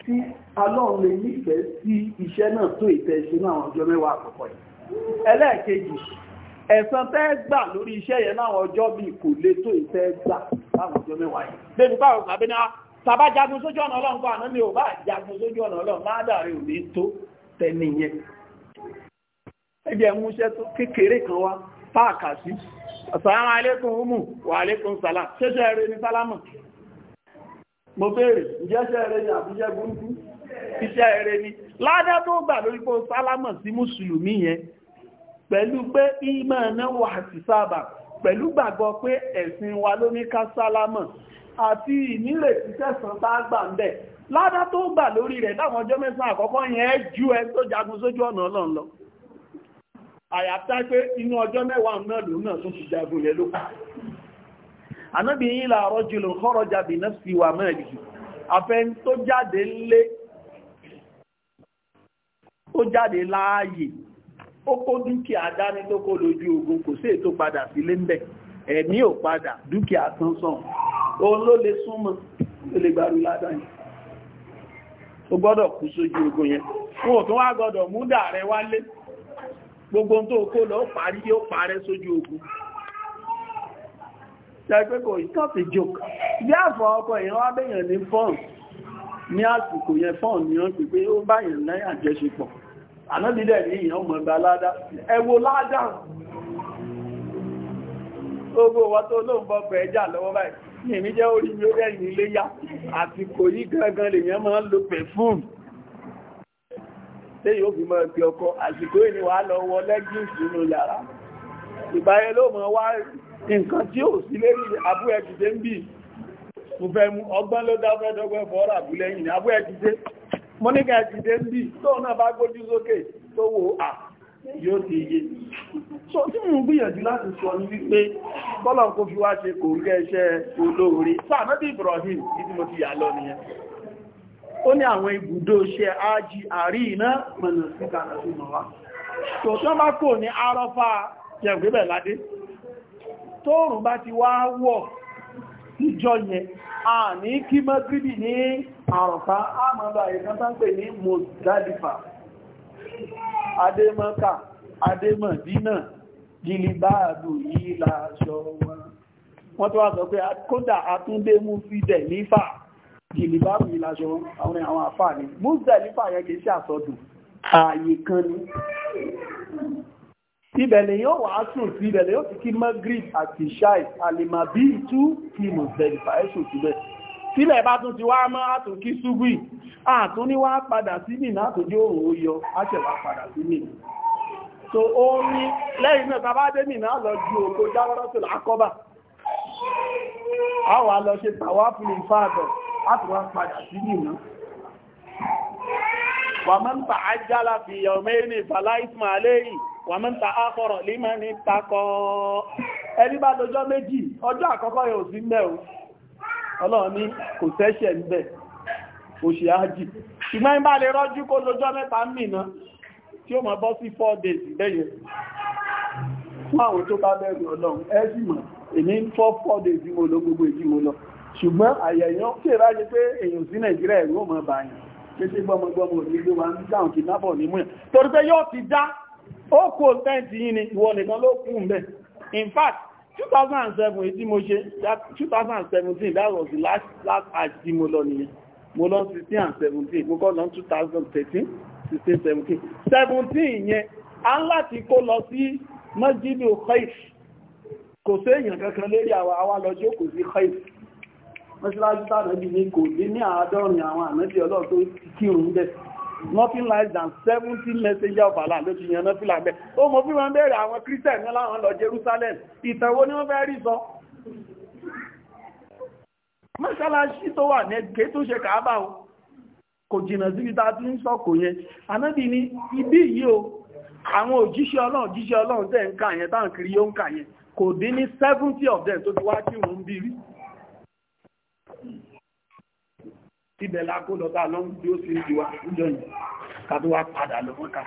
A: tí Ọlọ́run lè nífẹ̀ẹ́ sí iṣẹ́ náà tó ìtẹ́ ṣe ní àwọn ọjọ́ mẹ́wàá àkọ́kọ́ yìí ẹlẹ́ẹ̀kejì ẹ̀sán tẹ́ gbà lórí iṣẹ́ yẹn láwọn ọjọ́ bíi kò lè tó ìtẹ́ gbà láwọn ọjọ́ mẹ́wàá yìí bẹ́ẹ̀ni báwo jagun sójú ọ̀nà àná mi ò bá jagun sójú ọ̀nà má dàrí ò ní tó tẹ́ni yẹn ẹgbẹ́ Assalamu alaikum umu wa alaikum salam ṣẹ́ṣẹ́ rẹ̀ ní sálámù mo béèrè ìjẹ́ṣẹ́ rẹ̀ ní àbíjẹ́ burúkú iṣẹ́ rẹ̀ ní ládá tó gbà lórí pé sálámù sí mùsùlùmí yẹn pẹ̀lú pé ìmọ̀ náà wà sí sábà pẹ̀lú gbàgbọ́ pé ẹ̀sìn wa ló ní ká sálámù àti ìnírètí tẹ̀sán tá gbà ń bẹ̀ ládá tó gbà lórí rẹ̀ láwọn ọjọ́ mẹ́sàn-án àkọ́kọ́ yẹn ju ẹ tó jagun sójú ọ̀nà ọlọ́run lọ àyàtá pé inú ọjọ́ mẹ́wàá náà lòun náà tún ti jagun yẹn ló kù yìí là rọ́jùlù kọ́rọ̀jà bí náà fi wà mẹ́rin afẹ́ tó jáde lé ó jáde láàyè ó kó dúkìá dání tó kó ogun kò sí ètò padà sílé ń bẹ̀ ẹ̀mí ò padà dúkìá tán sàn òun ló lè súnmọ́ tó lè gbàrú ládáyìn ó gbọ́dọ̀ kú sójú ogun yẹn wọn wá gbọ́dọ̀ gbogbo tó kó lọ parí yóò parẹ́ sójú ogun ṣàgbégbò it's not a joke bí àfọ́ ọkọ̀ èèyàn wá bèèyàn ní fọ́n ní àsìkò yẹn fọ́n ni wọ́n ti pé ó báyàn náà àjọṣepọ̀ ànábídẹ̀ ní èèyàn mọ̀ ẹgbà ládá ẹ wo ládá gbogbo wa tó ló ń bọ́ bẹ̀ ẹjà lọ́wọ́ báyìí ní ìníjẹ́ orí mi ó rẹ̀yìn iléyá àsìkò yìí gangan lèèyàn máa ń téyìn ó fi mọ́ ẹ̀pẹ̀ ọkọ àsìkò ìní wà lọ wọ lẹ́gíǹsì nínú yàrá ìbáyẹ ló mọ̀ wá nǹkan tí ó sí lérí abú ẹ̀kìtẹ́ ń bì mo fẹ́ mú ọgbọ́n ló dáfẹ́ dọ́gbẹ́ fọ́ ràbú lẹ́yìn ní abú ẹ̀kìtẹ́ mo ní ká ẹ̀kìtẹ́ ń bì tóun náà bá gbójú sókè tó à yóò ti yé so tí mo ń gbìyànjú láti sọ ní wípé bọ́lọ̀ kó fi wá ṣe kò ń gẹ́ iṣẹ́ olóore sáà náà bí Ibrahim ìdí mo ti yà lọ nìyẹn ó ní àwọn ibùdó ṣe ájì àrí iná mọ̀nà síkà àti ìmọ̀wá tó tó bá kò ní arọ́fà jẹ̀gbẹ́bẹ̀ ládé tóòrùn bá ti wá wọ̀ ìjọ yẹn a ní kí mọ́gídì ní àrọ̀fà àmọ́lọ àìkan tán ní Muzdalifa jìlìbáàbù ìlàṣọ àwọn àwọn àfáà ni Muzdalifa yẹn kìí ṣe àsọdù ààyè kan ni ibẹ̀lẹ̀ yóò wà á sùn sí ibẹ̀lẹ̀ yóò ti kí Maghrib àti shai alimabi tú kí Muzdalifa ẹ̀sùn síbẹ̀ sílẹ̀ bá tún ti wá mọ́ àtòkí ṣúgbì àtún ní wá padà sí nìna àtòjú òun ó yọ àṣẹ̀wà padà sí nìna so ó ní lẹ́yìn náà tàbá dé nìna lọ ju òkò jáwọ́rọ́sùn àkọ́bà a wà lọ ṣe tàwáfù ní fàádọ̀ àtùwà padà sí nìna wàmán ta ajala fi yọ̀mẹ́rin fàlá ìsmà lẹ́yìn wàmán ta ákọ̀rọ̀ límọ̀ ní takọ̀ ẹni bá lọ́jọ́ méjì ọjọ́ àkọ́kọ́ yóò sí mẹ́ o ọlọ́run ní kò sẹ́ṣẹ̀ ń bẹ̀ oṣù ájì ṣùgbọ́n ń bá lè rọ́jú kó lọ́jọ́ mẹ́ta mìíràn tí days lẹ́yẹ fún àwọn tó bá bẹ̀rù ọlọ́run ẹ́sì mọ̀ èmi ń fọ́ 4 days mo lọ gbogbo ṣùgbọ́n àyẹ̀yàn kéèrà ní pé èyàn sí nàìjíríà ẹ̀rọ ọmọ bàyàn kéṣe gbọmọgbọmọ ní gbé wa ń dáhùn kí nábọ̀ ní mú ẹ̀ torí pé yóò ti dá ó kò tẹ́ǹtì yìí ni ìwọ nìkan ló kù mẹ́ in fact 2007 èyí mo ṣe 2017 that was the last last hajj tí mo lọ nìyẹn mo lọ 16 mo kọ́ lọ 2013 16 17 yẹn a ń láti kó lọ sí mọ́jídù khaif kò sí èèyàn kankan lórí àwa àwa lọ jókòó sí khaif mọ́sílájú tàbí ní kò dé ní àádọ́rin àwọn àmẹ́bí ọlọ́run tó kírun bẹ́ẹ̀ nothing less than seventy messenger of Allah ló ti yan nọ́fìlà bẹ́ẹ̀ ó mọ̀ fí wọ́n bẹ̀rẹ̀ àwọn christian ní láwọn lọ Jerusalem ìtàn wo ni wọ́n fẹ́ rí sọ mọ́sálásí tó wà ní ẹgbẹ́ tó ṣe kàábà o kò jìnà síbi tá a ti ń sọ̀kò yẹn anábì ní ibí yìí o àwọn òjíṣẹ́ ọlọ́run òjíṣẹ́ ọlọ́run tẹ̀ ń kà yẹn táwọn kiri yóò ń kà yẹn kò dín ní seventy of them tó ti wá kí wọ́n bí rí ibẹ̀ lákó lọ́ta lọ bí ó sì kàtó wá padà lọ mọ́ka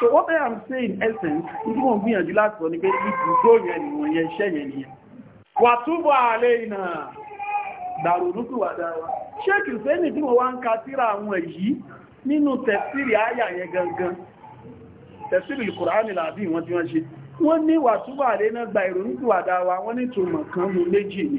A: so what I am saying in essence ní wọ́n gbìyànjú láti sọ ní pé ibùdó yẹn nìwọ̀n yẹn iṣẹ́ yẹn nìyẹn wà túbọ̀ àlẹ́ ìnà dàrúdúkú wà dára ṣé kìrìsẹ́nì tí wọ́n wá ń ka síra àwọn èyí nínú tẹ̀sírì àyà yẹn gangan tẹ̀sírì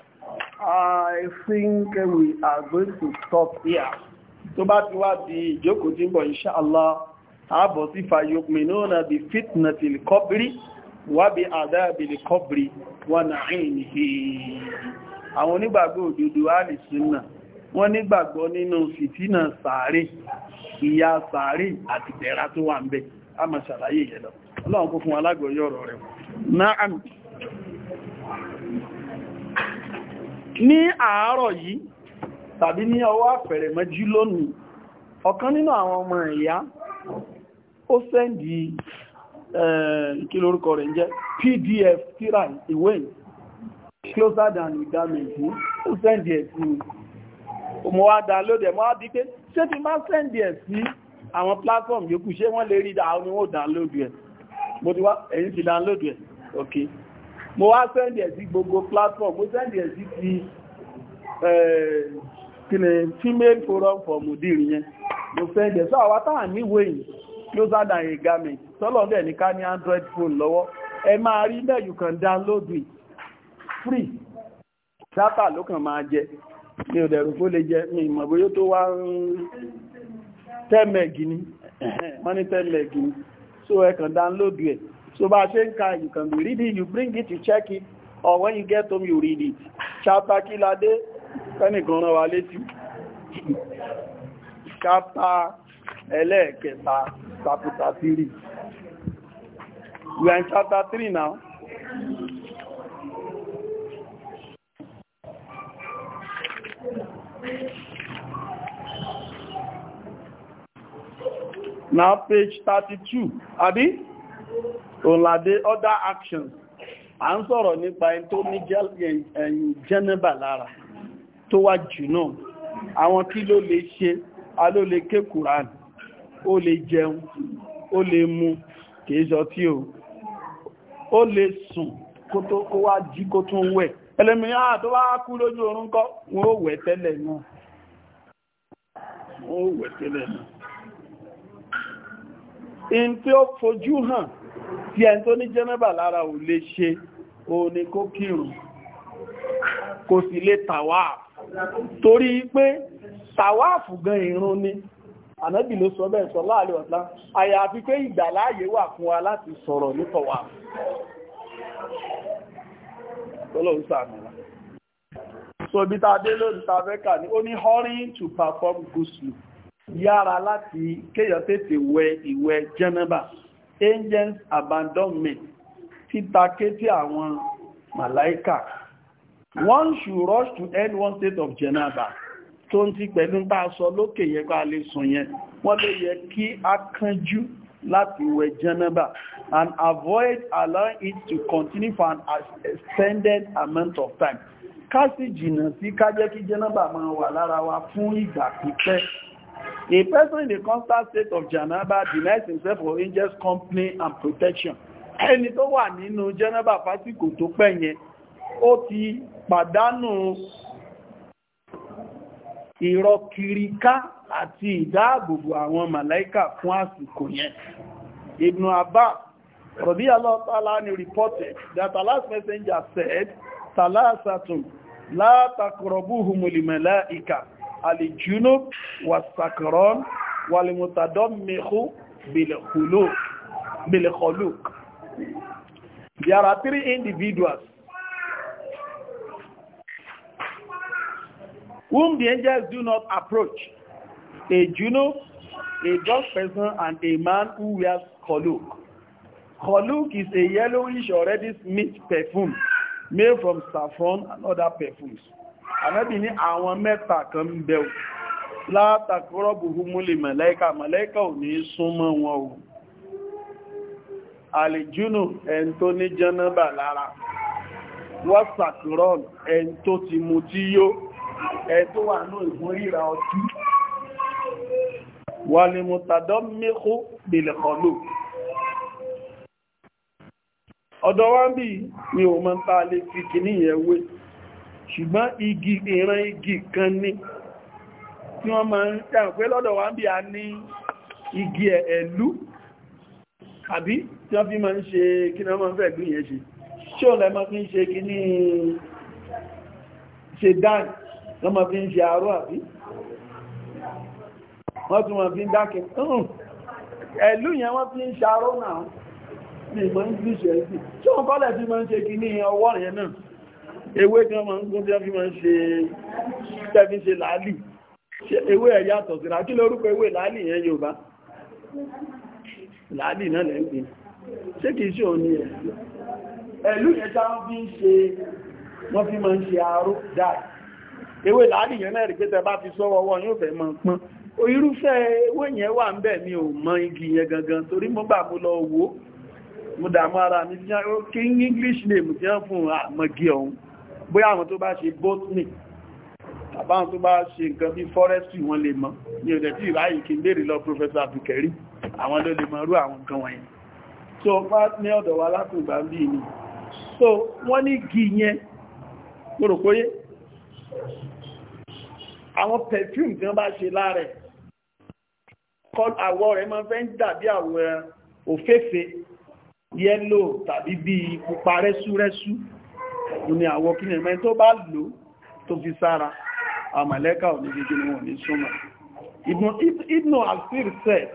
A: I think we are going to stop here. Tó bá ti wá di ìjókòó tí ń bọ̀ inṣáàlá, ààbọ̀ sí fayu'minuna bi fitnatil qabri wa bi adhabil qabri wa na'imihi. Àwọn onígbàgbọ́ òdodo alìsúnnà, wọ́n nígbàgbọ́ nínú fìtínà sàárè, ìyà sàárè àti ìdẹ̀ra tó wà ń bẹ̀. A máa ṣàlàyé ìyẹn lọ. Ọlọ́run kó fún alágbòyọ́rọ̀ rẹ̀. Náà ní àárọ̀ yìí tàbí ní ọwọ́ àfẹ̀rẹ̀ mọ́jú lónìí ọ̀kan nínú àwọn ọmọ ìyá ó sẹ́ndì kí lórúkọ rẹ̀ jẹ́ pdf tíra ìwé closer than damage ó sẹ́ndì ẹ̀ sí mo wá dá lóde mo wá bí pé ṣé ti má sẹ́ndì ẹ̀ sí àwọn platform yòókù ṣé wọ́n lè rí dáa ni wọ́n download ẹ̀ ẹ̀ okay mo wá sẹ́ndì ẹ̀ sí gbogbo platform mo sẹ́ndì ẹ̀ ti eh, female forum for mudir yẹn mo sẹ́ndì ẹ̀ sọ àwa táà níwèé yìí closer than a garment tọ́lọ̀ ní ká ní android phone lọ́wọ́ ẹ máa rí náà you can free data ló kàn máa jẹ mi ò dẹ̀rù kó lè jẹ mi ìmọ̀ bóyó tó wá ń so ẹ kàn download So by saying you can be reading, you bring it, you check it, or when you get home, you read it. Chapter Kilade, ẹnìkan rán wa létí. Chapter ẹlẹ́ẹ̀kẹta, chapter 3. We are in chapter 3 now. Now page 32, Abi? òǹlàdé other actions à ń sọ̀rọ̀ nípa ẹni tó ní ẹ̀yìn jẹ́nẹ́bà lára tó wá jù náà àwọn kí ló lè ṣe a ló lè ké Quran ó lè jẹun ó lè mu kìí sọ tí o ó lè sùn kó wá jí kó tún wẹ̀ ẹlẹ́mìíràn tó wá kú lójú oorun kọ́ wọn ó wọ́n ó wẹ̀ tẹ́lẹ̀ náà in tí ó fojú hàn tí ẹn tó ní jẹ́nẹ́bà lára ò lè ṣe o ni kó kírun kò lè torí pé tàwáàfù gan irun ni ànábì ló sọ bẹ́ẹ̀ sọ láàrin ọ̀tá àyàfi pé ìgbàláàyè wà fún wa láti sọ̀rọ̀ ní tàwáàfù to perform yára láti kéyàn tètè wẹ ìwẹ̀ angels abandonment títakétí àwọn màláíkà one should rush to end one state of janaba tó ń ti pẹ̀lú bá sọ lókè yẹ bá lè sùn yẹn wọ́n lè yẹ kí a kánjú láti wẹ̀ janaba and avoid allowing it to continue for an extended amount of time ká sì jìnnà sí ká jẹ́ kí janaba máa wà lára wa fún ìgbà pípẹ́ A person in a constant state of janaba denies himself or injures company and protection. Ẹni tó wà nínú janaba fásitì tó pẹ́ yẹn, ó ti pàdánù ìrọkìríká àti ìdáàbòbò àwọn màláíkà fún àsìkò yẹn. Ibn Abbas, Allah ta'ala anhu reported that the last messenger said, Thalathatun, la taqrabuhumul malaika alìjúnú wàsàkìrán wàlìmùtàdọ́mìhú bilkholuk. There are three individuals whom the angels do not approach. A Juno, a drunk person, and a man who wears kholuk. Kholuk is a yellowish or reddish mixed perfume made from saffron and other perfumes anábì ní àwọn mẹ́ta kan ń bẹ látàkọ́rọ̀bù húmúlì mẹ̀lẹ́kà mẹ̀lẹ́kà ò ní súnmọ́ wọn o àlìjúnù ẹn tó ní jẹ́nàbà lára wọ́sàkìrọ̀n ẹn tó ti mú tí yó ẹn tó wà ní ìfún ríra ọtí wà ní mọ̀tàdọ́ mẹ́kú bèlẹ̀kọ̀lù ọ̀dọ̀ bí mi ò mọ́ lè fi kìíní ṣùgbọ́n igi ìran igi kan ní tí wọ́n máa ń dà pé lọ́dọ̀ wá bí a ní igi ẹ̀lú àbí tí wọ́n fi máa ń ṣe kí náà máa ń fẹ́ gbìyànjú ṣe ṣí ò lẹ́mọ́ fi ń ṣe kí ní ṣe dáì wọ́n máa fi ń ṣe àárọ̀ àbí wọ́n tún máa fi ń dákẹ́ ẹ̀lú yẹn wọ́n fi ń ṣe àárọ̀ náà ní ìmọ̀ ń gbìyànjú ṣe tí wọ́n kọ́lẹ̀ fi máa ń ṣe kí ní ọwọ́ yẹn náà ewé tí wọ́n máa ń gún tí wọ́n fi máa ń ṣe tẹ́fí ṣe làálì ewé ẹ̀ yàtọ̀ síra kí lórúkọ ewé làálì yẹn Yorùbá làálì náà lẹ́ ń pè ṣé kìí ṣe òní ẹ̀ ẹ̀lú yẹn tá fi ń ṣe wọ́n fi máa ń ṣe aró dáì ewé làálì yẹn náà rí pé tẹ́ bá fi sọ́wọ́ wọn yóò ń English name ti hàn fún àmọ́gi ọ̀hún bóyá àwọn tó bá ṣe botany àbáwọn tó bá ṣe nǹkan bí forestry wọn lè mọ̀ ní ọ̀dẹ̀ tí ìráyì kí n béèrè lọ professor abdulkari àwọn ló lè mọ̀ rú àwọn nǹkan wọ̀nyí so pa ní ọ̀dọ̀ wa lákùngbà ń bí ni so wọ́n ní gi yẹn lóròkóyé àwọn perfume tí wọ́n bá ṣe láàrẹ̀ àwọ̀ rẹ̀ máa fẹ́ ń dàbí àwọ̀ òféèfé yẹ́lò tàbí bí pupa rẹ́súrẹ́sú ní àwọ̀ kí nìmẹ́ tó bá lò tó fi sára àmàlẹ́kà ò ní gígí ni wọ́n ní súnmọ̀ ibnu asir said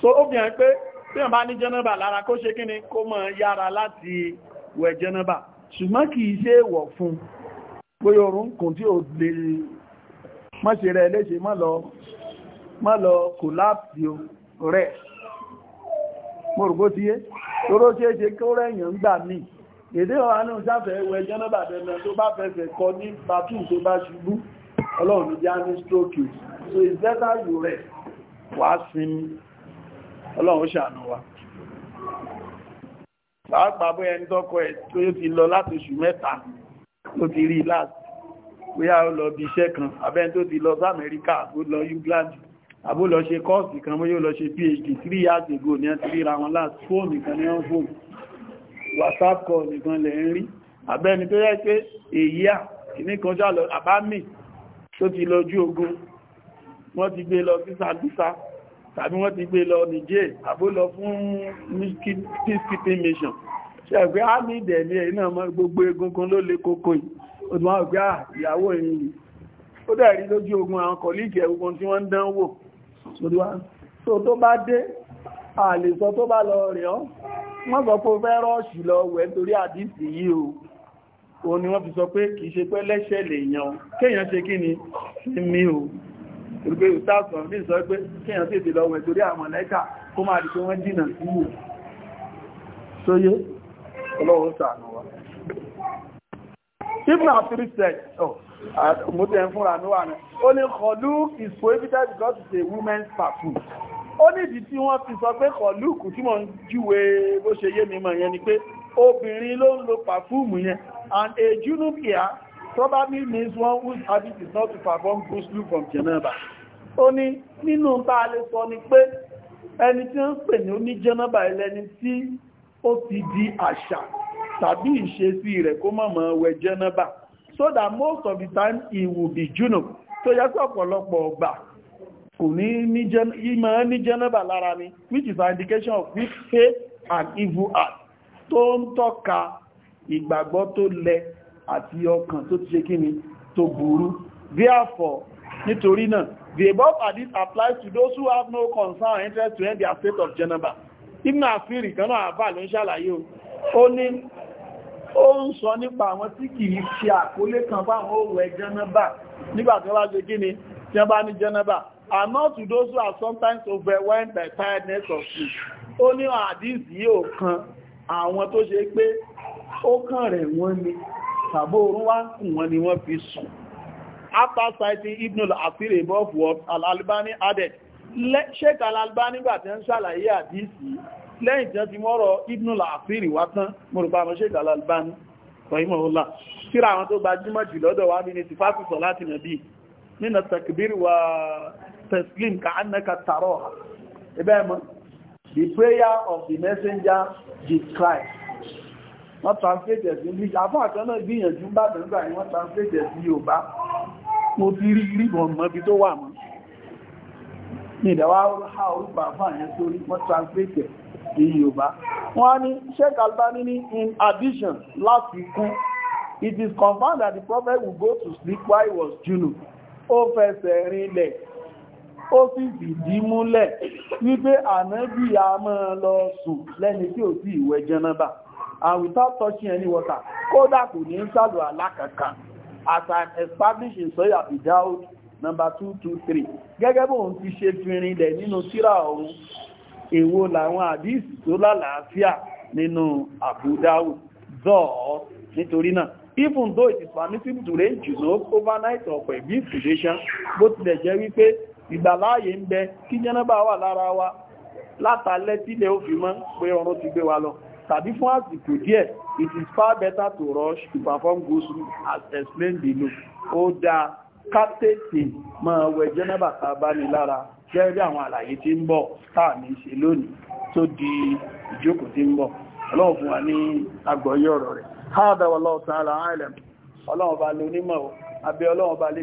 A: so obìnrin pé tí wọ́n bá ní jẹ́nàbà lára kó ṣe kí ni kó mọ̀ yára láti wẹ̀ jẹ́nàbà ṣùgbọ́n kì í ṣe wọ̀ fún bóyá orun kùn tí ó lè mọ́ ṣe rẹ̀ léṣe mọ́ lọ kòlápsì rẹ̀ mo rò bó ti yé toró ṣe é ṣe kó èdè ọ̀hánú sáfẹ́ ẹwẹ́ jẹ́nàbà dẹ̀mẹ̀ tó bá fẹ́fẹ́ kọ ní bàtú tó bá ṣubú ọlọ́run ní já ní stroke so it's better you rest wá sinmi ọlọ́run ṣàánú wa pàápàá bóyá ẹni tọ́kọ ẹ̀ tó ti lọ láti oṣù mẹ́ta ló ti rí last bóyá ó lọ bí iṣẹ́ kan abẹ́ni tó ti lọ sí Amẹ́ríkà ó lọ England àbó lọ ṣe kọ́ọ̀sì kan bóyá ó lọ ṣe PhD three years ago ní ẹ ti ríra wọn last fóònù kan ní ọ́n whatsapp call nìkan lẹ̀ ń rí àbẹ́ni tó yẹ pé èyí à kìíní kan já lọ àbámì tó ti lọ ojú ogun wọ́n ti gbé lọ sí sàdúsà tàbí wọ́n ti gbé lọ Niger àbó lọ fún peacekeeping mission ṣe ẹ̀gbẹ́ àmì ìdẹ̀ni ẹ̀ náà mọ́ gbogbo egungun ló lè kókó yìí ó ti máa gbá ah, ìyàwó ìrìn ó dẹ̀rí lójú ogun àwọn kọ̀líkì ẹgbùn tí wọ́n ń dánwò so tó bá dé àlèsọ tó bá lọ rẹ̀ ọ́ wọ́n sọ pé fẹ́ rọ́ọ̀ṣì lọ wẹ̀ nítorí àdìsí yìí o ni wọ́n fi sọ pé kìí ṣe pé lẹ́ṣẹ̀ lè yàn kéèyàn ṣe kí ni sí mi o ìrùgbé ìtàkùn bí sọ pé kéèyàn sì ti lọ wẹ̀ torí àwọn lẹ́kà kó máa di pé wọ́n jìnà sí wò if na three sex oh mo tẹ́ fúnra ní wà ní ó ní kọlu is prohibited because it's a ó nídìí tí wọ́n ti sọ pé kọ̀lùkù tí mò ń júwe bó ṣe yé mi yẹn ni pé obìnrin ló ń lo pàfúùmù yẹn and a junub here probably means one whose habit is not to perform ghusl from janaba ó ní nínú tá a lè sọ ni pé ẹni tí ó ń pè ní oní janaba ẹlẹ́ni tí ó ti di àṣà tàbí ìṣesí rẹ̀ kó má máa wẹ̀ so that most of the time he will be junub tó yẹ sí ọ̀pọ̀lọpọ̀ ọgbà kò ní ìmọ̀ ní jẹ́nàbà lára mi which is an indication of weak faith and evil heart tó ń tọ́ka ìgbàgbọ́ tó lẹ àti ọkàn tó ti ṣe kí ni tó burú therefore nítorí náà the above hadith applies to those who have no concern or interest to end their state of jẹ́nàbà ibn afiri kan náà àbá ló ń ṣàlàyé ó ní ó ń sọ nípa àwọn tí kìí ṣe àkólé kan báwọn òwò ẹ̀jẹ́nàbà nígbàtí wọ́n bá ṣe kí ni tí wọ́n bá ní jẹ́nàbà and not to those who are sometimes overwhelmed by tiredness of sleep. Ó ní àdíìsì yóò kan àwọn tó ṣe pé ó kàn rẹ̀ wọ́n ni, tàbí oorun wá kùn wọ́n ni wọ́n fi sùn. After citing Ibn al-Asir above what Al-Albani added, Sheikh Al-Albani gbà tí ń ṣàlàyé àdíìsì lẹ́yìn tí wọ́n ti mọ́rọ̀ Ibn al-Asir wá tán, mo rò pa àwọn Sheikh Al-Albani, rahimahullah. Síra àwọn tó gbajúmọ̀ jù lọ́dọ̀ wa ní ti fásitọ̀ láti nàbí nínú takbir wa taslim ka annaka taraha the prayer of the messenger is Christ wọ́n translate as English afọ́ àkànnà gbìyànjú bá dẹ̀gbà ni wọ́n translate as Yorùbá mo ti rí rí wọn mọ́ bí tó wà mọ́ ní ìdẹ̀wà ha orúkọ àfọ́ àyẹn sórí wọ́n translate ní Yorùbá Sheikh Albani in addition láti kún it is confirmed that the prophet would go to sleep while he was Junub ó fẹsẹ̀ rinlẹ̀ ó sì fìdí múlẹ̀ wípé ànábì a máa lọ sùn lẹ́ni tí ò sí ìwẹ̀ jẹnàbà and without touching any water kódà kò ní sàlù alákàkà as an established in sọ́yà Daud number two two three gẹ́gẹ́ bóun ti ṣe fìrin lẹ̀ nínú síra ọ̀hún èwo làwọn àdíìsì tó lálàáfíà nínú Abu Dawud zọ́ọ̀ nítorí náà even though it is permissible to rain you know overnight or for a brief duration bó tilẹ̀ jẹ́ wípé ìgbàláàyè ń bẹ kí jẹ́nàbà wà lára wa látàlẹ́ lè ó fi mọ́ pé ọrún ti gbé wa lọ tàbí fún àsìkò díẹ̀ it is far better to rush to perform as explained below ó dá ká ma ọ wẹ jẹ́nàbà ta bá ní lára àwọn àlàyé tí ń bọ̀ di ìjókòó tí ń bọ̀ ọlọ́run fún wa ní agbọ̀yé ọ̀rọ̀ rẹ̀ ọlọ́run lónímọ̀ abẹ́ ọlọ́run lè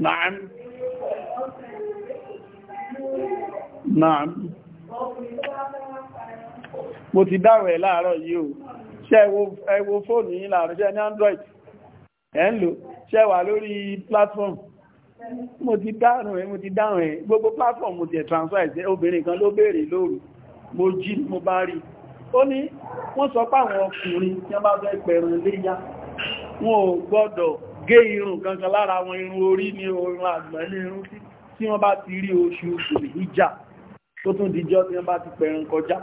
A: Naam. Naam. Mo ti dáwẹ̀ láàárọ̀ yìí o. Ṣé ẹ wo fóònù yìí láàárọ̀ ṣé ní Android? Ẹ ń lò ṣé wà lórí platform. Mo ti dáhùn ẹ, mo ti dáhùn ẹ. Gbogbo platform mo ti ẹ̀ transfer ẹ̀ obìnrin kan ló béèrè lóru. Mo jí, mo bá rí. Ó ní wọ́n sọ pé ọkùnrin tí wọ́n bá fẹ́ pẹ̀rùn léyá. Wọn ò gbọ́dọ̀ gé irun kankan lára àwọn irun orí ní orun àgbọ̀n ní irun tí wọ́n bá ti rí oṣù ìjà tó tún dìjọ́ tí wọ́n bá ti pẹ̀rùn kọjá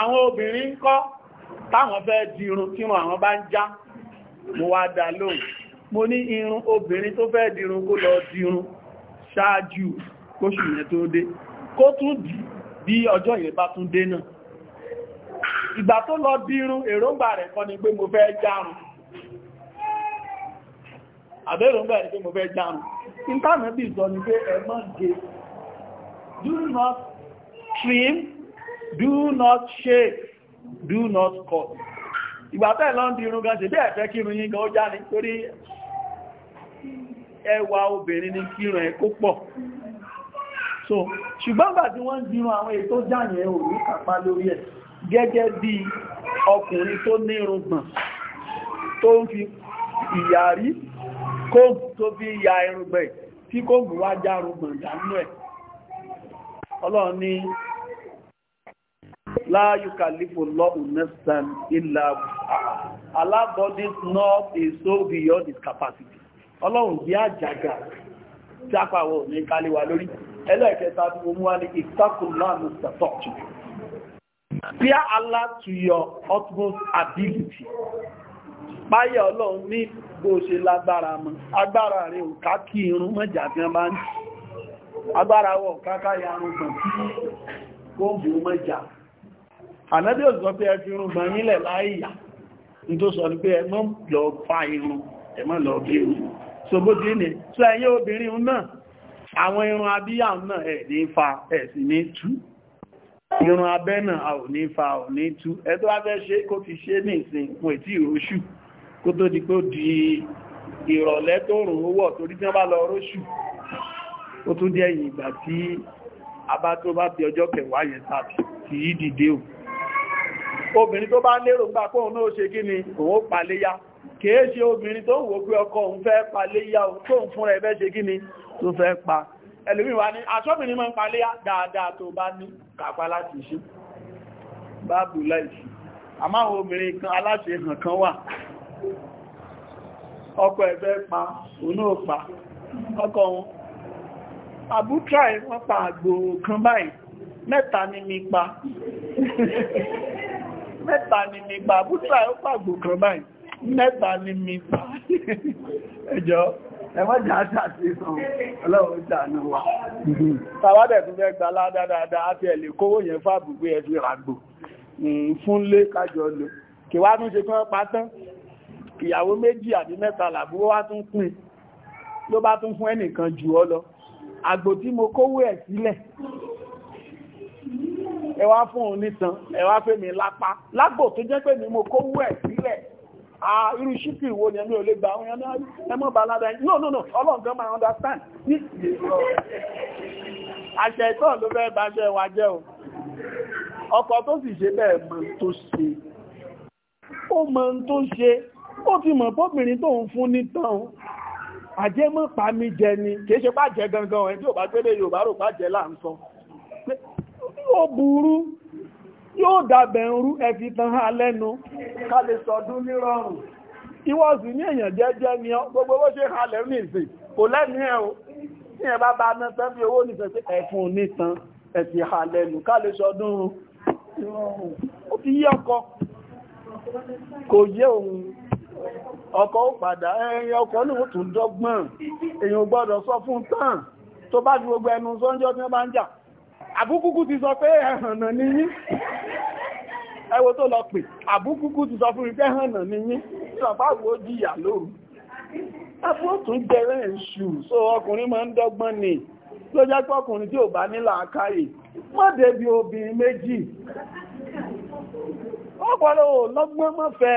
A: àwọn obìnrin ń kọ́ táwọn fẹ́ di irun tí wọ́n àwọn bá ń já mo wá dá lóhùn mo ní irun obìnrin tó fẹ́ di irun kó lọ di irun ṣáájú kóṣù yẹn tó dé kó tún dì bí ọjọ́ yẹn bá tún dé náà ìgbà tó lọ di irun èròǹgbà rẹ̀ kọ́ ni pé mo fẹ́ járun àbẹ́rùngbà ẹni pé mo fẹ́ jáàmù ìtànàbí ìzọ ni pé ẹmọ́ gẹ do not trim do not shave do not cut ìgbàtẹ́ lọ ń di irun gan ṣe bí ẹ̀fẹ́ kírun yín gan ó já ní torí ẹwà obìnrin ní kírun ẹ pọ̀ so ṣùgbọ́n gbà tí wọ́n ń dirun àwọn èyí tó jáyẹ̀ ò ní kàpá lórí ẹ̀ gẹ́gẹ́ bí ọkùnrin tó ní tó ń fi ìyàrí kóòmù tó fi ya irùngbọ̀n tí kóòmù wá já irùngbọ̀n dánú ẹ̀ ọlọ́run ní láàyù kàlífò lọ́hùn nẹ́sàn ilà Allah is so beyond capacity ọlọ́run bí àjàgà tí a pàwọ̀ ní kálíwà lórí ẹlẹ́ẹ̀kẹta tí mo mú wá ní ìtàkùnlánù sàtọ̀tù Fear Allah to your utmost ability. páyà ọlọ́run ní bó ṣe lágbára mọ́ agbára rẹ̀ ò ká kí irun mọ́jà tí wọ́n bá ń agbára wọ̀ kákáyà arúgbọ̀n tí kóòbù mọ́jà ànábí ò sọ pé ẹ fi irùngbọ̀n yín lẹ̀ láìyà ní tó sọ ní pé ẹ fa irun ẹ má lọ fa ẹ̀ sì ní tú irun abẹ́ náà a ò ní fa ò ní tú ẹ tó wá fẹ́ ṣe kó ti ṣe ní ìsìn fún ètí ìróṣù kó tó di kó di ìrọ̀lẹ́ tó rùn ún wọ̀ torí tí wọ́n bá lọ róṣù ó tún jẹ́ ìgbà tí a bá tó bá fi ọjọ́ kẹwàá yẹn tàbí tí yí dìde ò obìnrin tó bá lérò gbà pé náà ṣe kí ni òun paléyá kìí ṣe obìnrin tó wò pé ọkọ òun fẹ́ paléyá tó fún ẹ̀bẹ́ ṣe kí ni tó fẹ́ pa ẹlòmíì wá ní aṣọ́bìnrin máa ń paléyá dáadáa tó bá ní kápá láti ṣe báàbù láìsí àmáwọn obìnrin kan aláṣẹ hàn kan wà ọkọ̀ ẹ̀fẹ́ pa òun ò pa ọkọ̀ wọn àbútrà wọ́n pa àgbò kan báyìí mẹ́ta ni mi pa mẹ́ta ni mi pa àbútrà ó pa àgbò kan báyìí mẹ́ta ni mi pa ẹjọ́ ẹwọ́n jà àtàtì sàn ọlọ́run jà ní wa tàwádẹ̀ tún fẹ́ gbà ládáadáa àti ẹ̀lẹ̀ kówó yẹn fàbùgbé ẹ̀fẹ́ ràgbò fúnlé kájọ lò kìwá tún ṣe kán ìyàwó méjì àbí mẹ́ta làbúrò wá tún pín ló bá tún fún ẹnìkan jù ọ lọ àgbò tí mo kówó ẹ̀ sílẹ̀ ẹ wá fún òun nìtàn ẹ wá fẹ́ mi lápá lágbò tó jẹ́ pé mi mo kówó ẹ̀ sílẹ̀ irú ṣípì wo ni ẹni ò lè gba àwọn ẹni ẹmọ́ balada ẹni no no no ọlọ́ǹkan máa understand ní àṣẹ ìtọ́ ló fẹ́ bá ṣe wà jẹ́ o ọkọ̀ tó sì ṣe bẹ́ẹ̀ mọ̀ tó ṣe ó mọ̀ tó ṣe ó ti mọ̀ bóbìnrin tó ń fún ní tán àjẹmọ́ pàmí jẹ ni kìí ṣe pá jẹ gangan ẹ̀ tí ò bá gbélé Yorùbá rò pá jẹ láàmsọ yóò burú yóò dàbẹ̀ ń rú ẹ̀fì tán ha lẹ́nu ká lè sọdún ní rọrùn ìwọ́sì ní èèyàn jẹ́jẹ́ ni ọ gbogbo bó ṣe halẹ̀ ní ìsìn kò lẹ́nu ẹ̀ o ní ẹ̀ bá bá ná tán bí owó nìfẹ́ sí ẹ̀fún nìtan ẹ̀fì ha lẹ́nu ká lè sọdún rọrùn ó ti yí ọkọ kò yé òun ọkọ̀ ó padà ẹ̀yìn ọkọ̀ olóòwò tún dọ́gbọ́n èyàn gbọ́dọ̀ sọ fún tán tó bá ti gbogbo ẹnu sọ́njọ́ tí wọ́n bá ń jà àbúkúkú ti sọ pé ẹ̀hànà ni yín ẹwọ tó lọ pè àbúkúkú ti sọ fún ìfẹ́ ẹ̀hànà ni yín ìrọ̀pá wo jìyà lóru ẹ̀fọ́ tún jẹrẹ ìṣù so ọkùnrin máa ń dọ́gbọ́n ni ló jẹ́ pọ́kùnrin tí ò bá nílà akáyè mọ́dé bí obìnrin méjì ọpọlọ lọ́gbọ́n mọ́fẹ́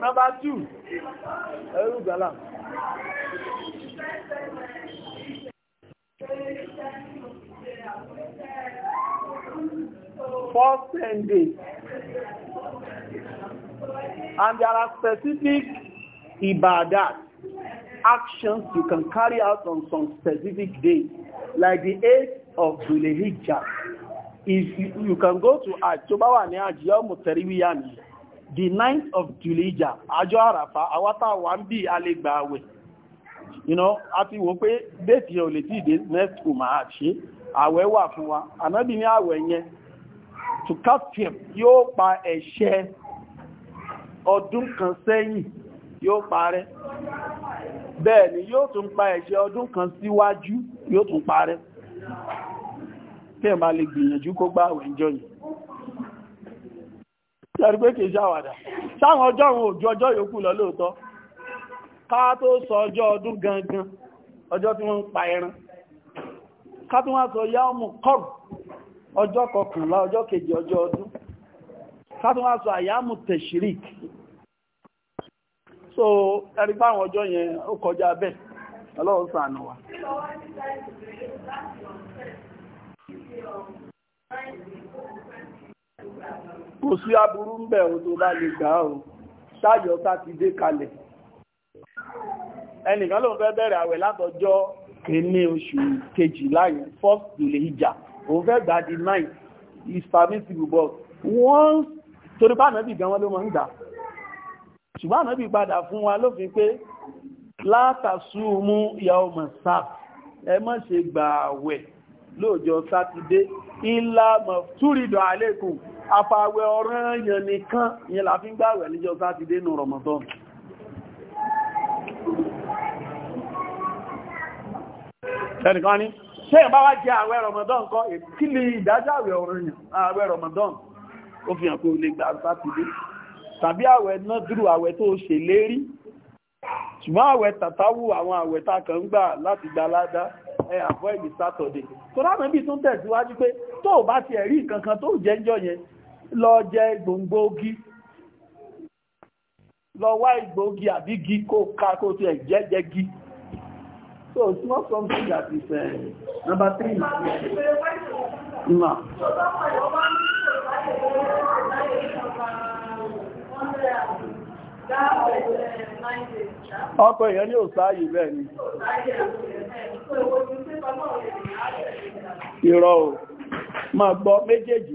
A: Number two, ẹrú gbàlá. First ten days. And there are specific ibadat actions you can carry out on some specific days, like the 8th of dhul If you, you can go to Hajj, tó bá wà the ninth of Tulija àjọ àràfà àwátà wà ń bí a lè gbà àwẹ̀ you know a ti wò pé déètì yẹn ò lè tí ìdè next kò máa ṣe àwẹ̀ wà fún wa ànábì ní àwẹ̀ yẹn to capture yóò pa ẹ̀ṣẹ̀ ọdún kan sẹ́yìn yóò parẹ́ bẹ́ẹ̀ ni yóò tún pa ẹ̀ṣẹ̀ ọdún kan síwájú yóò tún parẹ́ tẹ́ẹ̀ bá lè gbìyànjú kó gbà àwẹ̀ ìjọ yìí ẹ̀rí kìí ṣàwàdà sáwọn ọjọ́ òun ọjọ́ yòókù lọ lóòótọ́ ká tó sọ ọjọ́ ọdún gangan ọjọ́ tí wọ́n ń pa ẹran ká tó wá sọ yá ọmọ ọjọ́ kọkànlá ọjọ́ kejì ọjọ́ ọdún ká tó wá sọ àyámù tẹ̀ṣírík so ọjọ́ yẹn ó kọjá bẹ́ẹ̀ ọlọ́run Thank you. kò sí aburú ń bẹ̀ o tó bá lè gbà o ṣáyọ̀ sátidé kalẹ̀ ẹnìkan ló ń fẹ́ bẹ̀rẹ̀ àwẹ̀ látọjọ́ kìíní oṣù kejìlá yẹn first dole ìjà òun fẹ́ gbà di nine is permissible but once torí bá nàbì gan wọn ló máa ń gbà ṣùgbọ́n ànábì padà fún wa lófin pé látàsúmú ìyàwó mọ̀sáà ẹ má ṣe gbà àwẹ̀ lóòjọ́ sátidé ìlà mọ̀ túrìdọ̀ àlékún àfàwẹ̀ ọ̀ranyàn nìkan yẹn la fi ń gbàwẹ̀ níjọ́ sátidé nù Ramadan ẹnìkan ní ṣe ìbá wá jẹ àwẹ̀ Ramadan kọ́ kí lè ìdájọ́ àwẹ̀ ọ̀ranyàn àwẹ̀ Ramadan ó fi hàn pé o lè gbà sátidé tàbí àwẹ̀ náà dúró àwẹ̀ tó ṣe lérí ṣùgbọ́n àwẹ̀ tàtàwù àwọn àwẹ̀ tá kan gbà láti gba ládá ẹ avoid Saturday tó rámẹ́bí tún tẹ̀síwájú pé tó bá ti ẹ̀rí kankan tó jẹ́jọ́ yẹn lọ jẹ gbòǹgbò ogi lọ wá ìgbòǹgì àbí gi kó ká kó tiẹ̀ jẹ́jẹ́ gi so it's not something that is uh, number three no. ọkọ̀ èèyàn ní bẹ́ẹ̀ ni ìrọ̀ ò gbọ́ méjèèjì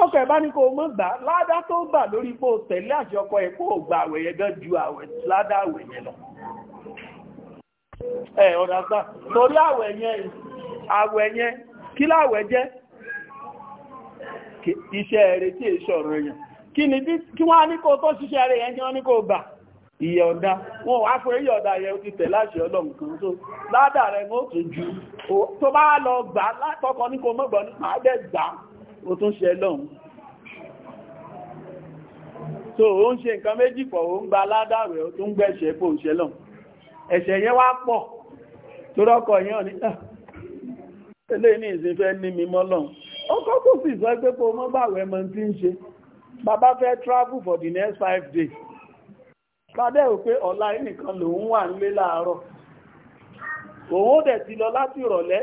A: tọ́kọ̀ ẹ̀ bá ní kó mọ́ gbà ládá tó gbà lórí pò tẹ̀lé àti ọkọ ẹ̀ kó gbà àwẹ̀ yẹn gan ju àwẹ̀ ládá àwẹ̀ lọ ẹ ọ̀dà torí àwẹ̀ yẹn àwẹ̀ yẹn kí láwẹ̀ jẹ́ iṣẹ́ ẹ̀rẹ́ tí ọ̀rọ̀ yẹn kí ni bí kí wọ́n ní kó tó ṣiṣẹ́ yẹn kí wọ́n ní kó gbà wọn wá fún yẹn ti tẹ̀ láṣẹ ọlọ́run ó tún ṣe lọ́hun so ó ń ṣe nǹkan méjì pọ̀ ó ń gba aládàrú ẹ̀ ó tún gbẹ̀ṣẹ̀ pò ń ṣe lọ́hun ẹ̀ṣẹ̀ yẹn wá pọ̀ tó rọ́kọ̀ yẹn ò níta ilé ní ah, ìsinfẹ́ ní mímọ́ lọ́hun ó kọ́kọ́ sì sọ pé kó mọ́ travel for the next five days padẹ́ ò pé ọ̀la nìkan lòun wà nílé láàárọ̀ òun ó dẹ̀ ti lọ láti ìrọ̀lẹ́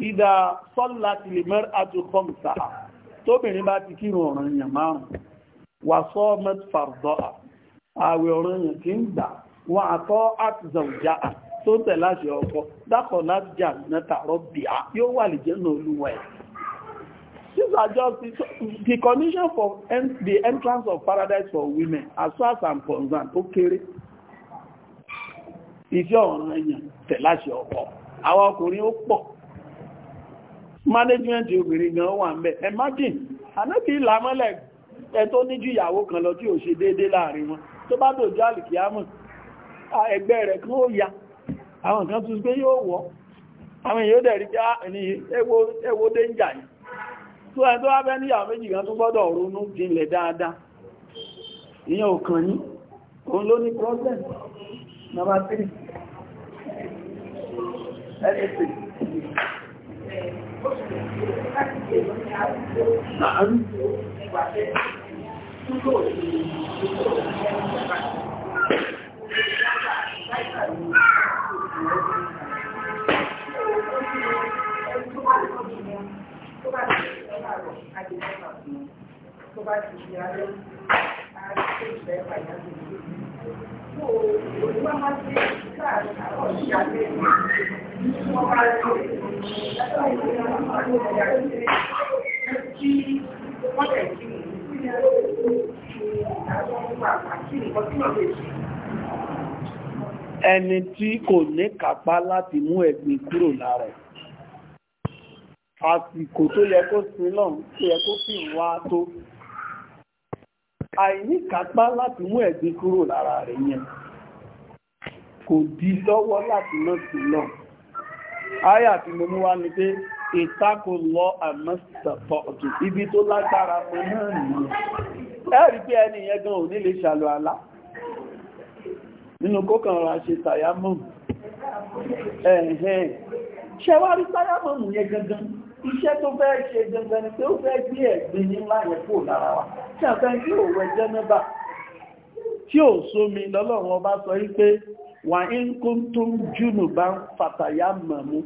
A: ìdá sọ́lá ti lè mẹ́rin àti kọ́mùsà tóbìnrin bá ti kírun ọ̀ràn èèyàn márùn wà sọ mẹ́tfàrdọ́ àwẹ̀ ọ̀ràn èèyàn kì ń gbà wọn àtọ́ àtìzà òjá tó tẹ̀ láṣẹ ọkọ dákọ̀ láti jà mẹ́ta rọ́bìá yóò wà lè jẹ́ náà olúwa ẹ̀ These are just the, condition for the entrance of paradise for women as far as I'm concerned ó kéré. Iṣẹ́ ọ̀ràn èèyàn tẹ̀ láṣẹ ọkọ. Àwọn ọkùnrin ó pọ̀. management obìnrin gan wà ń bẹ̀ imagine anábì ìlàmọ́lẹ̀ ẹ tó ní ìyàwó kan lọ tí ò ṣe déédéé láàrin wọn tó bá dòjú àlìkíyàmọ̀ ẹgbẹ́ rẹ̀ kan ó ya àwọn kan tún pé yóò wọ́ àwọn èèyàn dẹ̀ ní ewo ah, yìí tó tó níyàwó méjì kan gbọ́dọ̀ ronú jinlẹ̀ dáadáa ìyẹn ò Tó bá Ẹni tí kò ní kàpá láti mú ẹ̀gbìn kúrò lára ẹ̀. Àsìkò tó yẹ kó sin lọ́n tó yẹ kó fi wá tó àìní kápá láti mú ẹ̀gbin kúrò lára rẹ̀ yẹn kò di lọ́wọ́ láti lọ sí lọ àyà tí mo mú wá ni pé ìtakò lọ àmọ́sàtọ̀ ọ̀tún ibi tó lágbára mọ́ náà nìyẹn ẹ̀rí pé ẹni yẹn gan ò ní ṣàlọ́ àlá nínú kókàn ra ṣe tàyámọ̀ ẹ̀hẹ́n ṣẹwárí tàyámọ̀ mú yẹn gangan iṣẹ́ tó fẹ́ ṣe gangan ni pé ó fẹ́ gbé ẹ̀gbin nílá yẹn kò lára wa tí àfẹ́ tí ò wẹ jẹ́nẹ́bà tí ò sómi lọ́lọ́run ọba sọ wípé wà ń kó tó ń jùnù bá ń fàtàyà mọ̀mú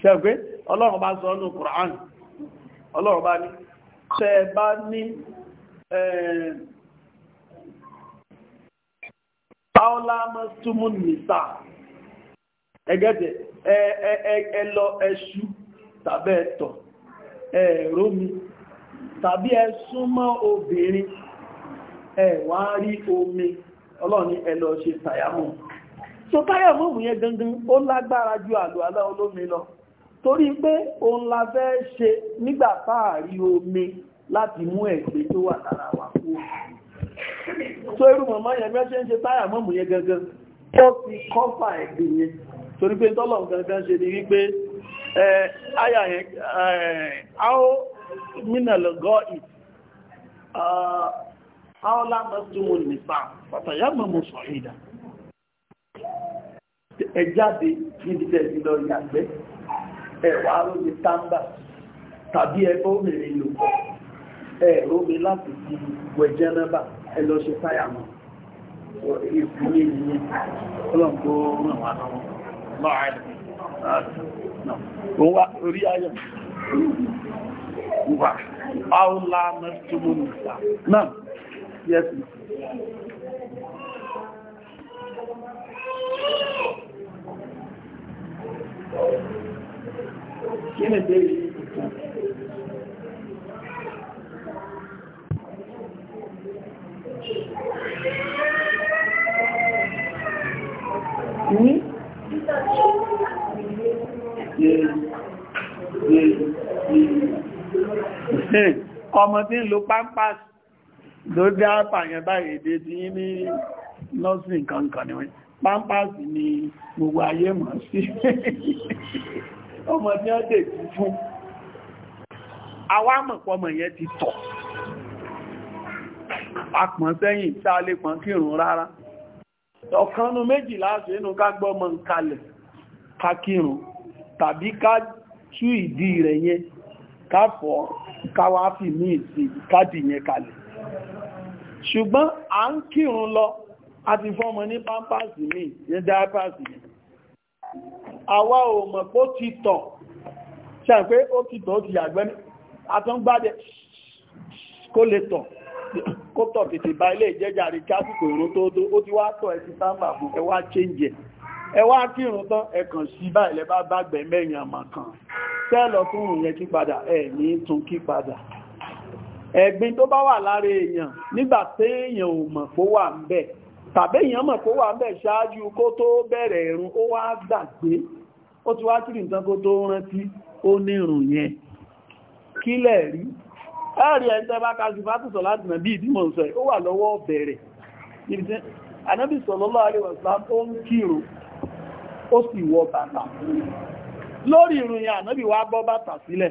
A: ṣẹ́gbé ọlọ́run bá sọ ọ́nà Kùránì ọlọ́run bá ní tẹ́ bá ní Paola Mastumun Nisa ẹgẹ́dẹ̀ tàbí ẹ̀tọ̀ ẹ̀rómi tàbí ẹ̀súnmọ́ obìnrin ẹ̀wà rí omi ọlọ́ni ẹlọ ṣe tàyàmù so tàyàmù yẹn gangan ó lágbára ju àlùwàlá olómi lọ torí pé òun la fẹ́ ṣe nígbà táàrí omi láti mú ẹ̀gbẹ́ tó wà lára wà kú so irú mọ̀mọ́ yẹn mẹ́ṣẹ́ ń ṣe tàyàmù yẹn gangan ó ti kọ́fà ẹ̀gbẹ́ yẹn torí pé tọ́lọ̀ gangan ṣe ni wípé ayahe aho minal go'i aho lamastumul nisa fatayama musoida ẹjáde níbi tẹ́ẹ̀sì lọ yàgbẹ́ ẹ̀wà tamba tabi tàbí ẹgbẹ́ obìnrin lò pọ̀ mi lati fi wẹ̀jẹ́ nọ́bà ẹlọ́ṣẹ́ táyàmù ìfúnlẹ̀ yìí ọlọ́pọ̀ wà orí ayọ̀ wà áúlá mẹ́tùmù nìta náà yẹ́sì kí ni bèèrè Mm-hmm ọmọ tí ń lo pampas ló dé àpàyàn báyìí èdè tí yí ní nọ́sìn kankan ni wọ́n pampas ni gbogbo ayé mọ̀ sí ọmọ tí ó dè tí fún awámọ̀pọ̀ ọmọ yẹn ti tọ̀ apọ̀n sẹ́yìn tí a lè pọ̀n kírùn rárá ọ̀kanú méjìlá sí inú ká gbọ́mọ̀ ń kalẹ̀ ká kírùn tàbí ká tú ìdí rẹ̀ yẹn ká fọ́ káwá fi mí ìsì kádì yẹn kalẹ̀ ṣùgbọ́n à ń kírun lọ a ti fọ́mọ ní pampasì mi yẹn dáapasì mi àwa ò mọ̀ pó ti tọ̀ ṣe pé ó ti tọ̀ ó ti yàgbẹ́ àtọ́ngbádẹ kó lè tọ̀ kó tọ̀ tètè bá ilé ìjẹ́jà rí kásìkò ìrún tó tó ó ti wá tọ̀ ẹ̀ ti sáńgbà fún ẹwà chéńjẹ̀ ẹ wá kírun tán ẹ kàn sí báyìí lẹ bá bàgbẹ̀ mẹ́rin àmà kan tẹ́lọ tún rùn yẹn kí padà ẹ ní tún kí padà ẹ̀gbin tó bá wà lára èèyàn nígbà téèyàn ò mọ̀ kó wà ń bẹ̀ tàbí èèyàn mọ̀ kó wà ń bẹ̀ ṣáájú kó tó bẹ̀rẹ̀ ìrun ó wá gbàgbé ó ti wá kírun tán kó tó rántí ó nírun yẹn kílẹ̀ rí ẹ̀rí ẹ̀ntẹ́ bá kájú bá láti nà bí ìdímọ̀ sọ ó wà lọ́wọ́ bẹ̀rẹ̀ Ànábì sallallahu alaihi wasallam ó ń kírun ó sì wọ bàtà lórí ìrun yẹn ànábì wá bọ́ bàtà sílẹ̀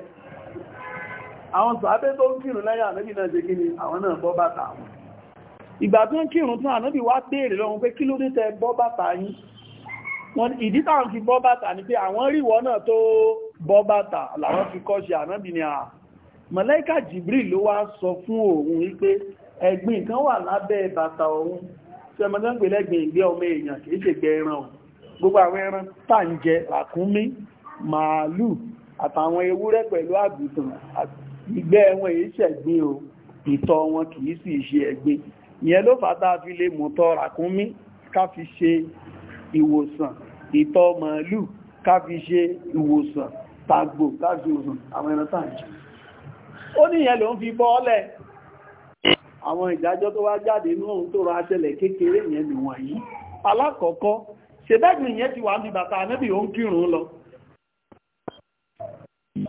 A: àwọn sàábé tó ń kírun lẹ́yìn ànábì náà ṣe kíni àwọn náà bọ́ bàtà wọn ìgbà tó ń kírun tún ànábì wá béèrè lọ́wọ́ pé kí ló dé tẹ bọ́ bàtà yín wọn ìdí táwọn fi bọ́ bàtà ni pé àwọn ríwọ náà tó bọ́ bàtà làwọn fi kọ́ ṣe ànábì ni àà mọ̀lẹ́kà Jibril ló wá sọ fún òun wípé ẹ̀gbìn kan wà lábẹ́ bàtà òun tí ọmọdé ń gbé lẹ́gbìn ìgbé ọmọ èèyàn kìí ṣègbè ẹran òun gbogbo àwọn ẹran tà ń jẹ ràkúnmí màálù àtàwọn ewúrẹ́ pẹ̀lú àgùntàn ìgbẹ́ wọn èyí ṣẹ̀gbin o ìtọ̀ wọn kìí sì ṣe ẹ̀gbin ìyẹn ló fà tá fi lè mọ̀tọ̀ ràkúnmí ká fi ṣe ìwòsàn ìtọ̀ màálù ká fi ṣe ìwòsàn tàgbò ká fi ìwòsàn àwọn ẹran tà ó ní ìyẹn ló ń fi bọ́ọ̀lẹ̀ àwọn ìdájọ́ tó wá jáde ní ohun tó rọ aṣẹlẹ̀ kékeré yẹn nìwọ̀nyí alákọ̀ọ́kọ́ ṣẹ̀bẹ́gbìn yẹn ti wà ní bàtà ànábì ó ń kírun lọ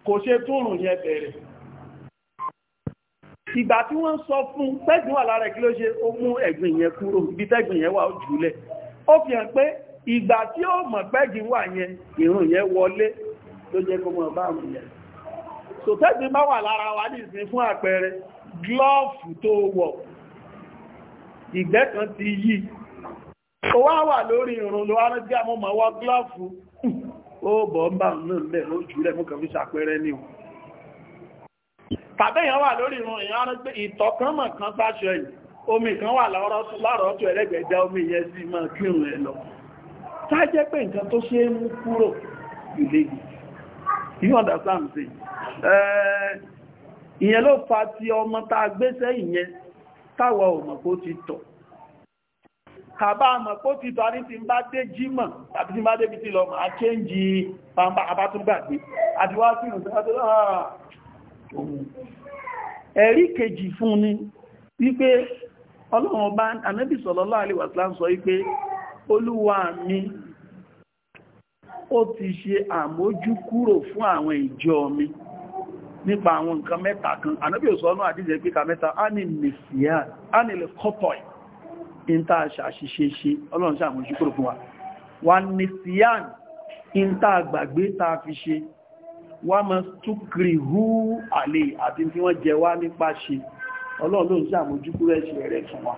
A: kò ṣe túrùn yẹn bẹ̀rẹ̀ ìgbà tí wọ́n sọ fún pẹ́gbìn wà lára kí ló ṣe ó mú ẹ̀gbìn yẹn kúrò ibi tẹ́gbìn yẹn wà ó jùlẹ̀ ó fi hàn pé ìgbà tí ó mọ̀ pẹ́gbìn wà yẹn ìrùn yẹn wọlé ló jẹ́ kó mọ̀ bá àrùn yẹn so tẹ́gbìn bá wà lára wa ní ìsìn fún àpẹẹrẹ glove tó wọ̀ ìgbẹ́ kan ti yí wá wà lórí ìrùn ló wárán tí àmọ́ máa wá gíláàfù ó bọ̀ ń náà fi ṣàpẹẹrẹ ní o tàbí èèyàn wà lórí ìrùn èèyàn rán pé ìtọ̀ kan mọ̀ kan sáṣọ omi kan wà láàrọ̀ ẹlẹ́gbẹ̀ẹ́dá omi yẹn sí máa kírun ẹ lọ sájẹ́ pé nǹkan tó ṣe é mú kúrò ìlé ìyẹn ló fa ti ọmọ tá a gbé sẹ́yìn yẹn táwa ò mọ̀ kàbá àmọ̀ kó ti tọ́ ní ti ń bá dé jímọ̀ tàbí ti ń bá débi ti lọ máa kéńjì pàmbá àbátúgbàgbé àti wá sí ah, ẹ̀rí kejì fún ni wípé ọlọ́run ọba anábì sallallahu alaihi wasallam sọ wípé olúwa mi ó ti ṣe mẹ́ta kan anábì ò sọ ọ́nà àdíjẹ́ pé kọ́tọ̀ì ìntà àṣàṣìṣe ṣe ọlọ́run ṣàmójú kúrò fún wa wà ní siyan ìntà àgbàgbé ta fi ṣe wà mọ́ túkìrì hú àlè àti tí wọ́n jẹ wá nípa ṣe ọlọ́run ṣàmójú kúrò ẹ̀ṣẹ̀ rẹ̀ fún wa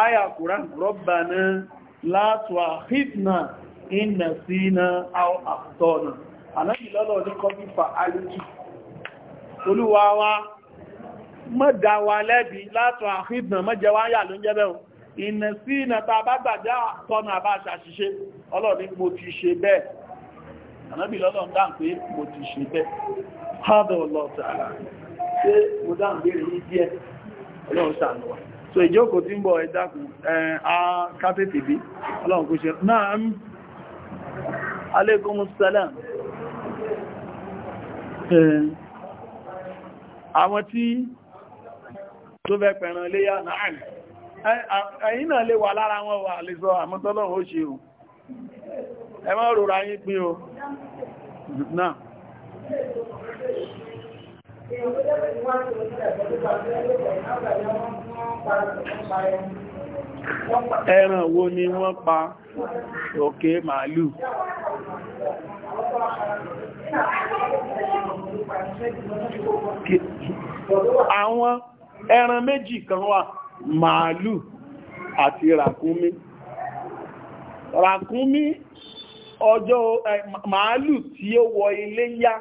A: aya kùrán rọ́bàná látọ̀ àhìtnà ìnà sí iná àtọ̀nà àlẹ́bìlọ́lọ́ ní kọ́bífà alìjì olúwa wa mọ́dá wa lẹ́bi látọ̀ àfihàn mọ́jẹ wá yà ló ń jẹ́ bẹ́ẹ̀ ìnà sí ìnà tá bá gbàjá tọ́nà àbá àṣàṣiṣẹ́ ọlọ́ni mo ti ṣe bẹ́ẹ̀ ànábì lọ́lọ́n dá pé mo ti ṣe bẹ́ẹ̀ hádọ̀ lọ́tàrà ṣé mo dá àwọn tí tó fẹ́ pẹ̀ràn léyà náà ẹ̀yin náà lè wà lára wọn wà lè sọ àmọ́tọ́lọ́run ó ṣe o ẹ má rọra yín pín o náà ẹran wo ni wọ́n pa òkè màálù àwọn ẹran méjì kan wà màálù àti ràkúnmí ràkúnmí ọjọ́ màálù tí ó wọ ilé yá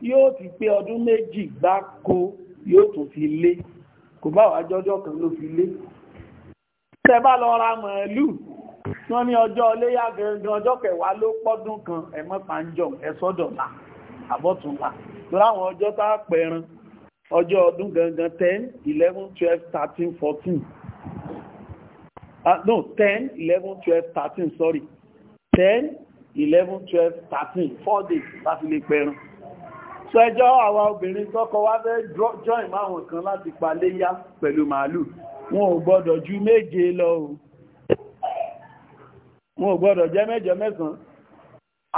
A: yóò ti pé ọdún méjì gbáko yóò tún fi lé kò bá wà jọjọ́ kan ló fi lé tẹ bá lọ ra màálù wọ́n ní ọjọ́ iléyá gẹ̀ẹ́gẹ́ ọjọ́ kẹwàá ló pọ́dún kan ẹ̀mọ́ pàǹjọ ẹ̀sọ́dọ̀lá àbọ́túnlá láwọn ọjọ́ tá pẹran ọjọ́ ọdún gangan ten eleven twelve thirteen fourteen. Ah no ten eleven twelve thirteen. sorry ten eleven twelve thirteen. four days láti lè pẹran so ẹjọ́ àwa obìnrin tọ́kọ wá fẹ́ join máwọn kan láti paléyá pẹ̀lú màálù wọn ò gbọ́dọ̀ ju méje lọ o wọn ò gbọ́dọ̀ jẹ́ mẹ́jọ mẹ́sàn-án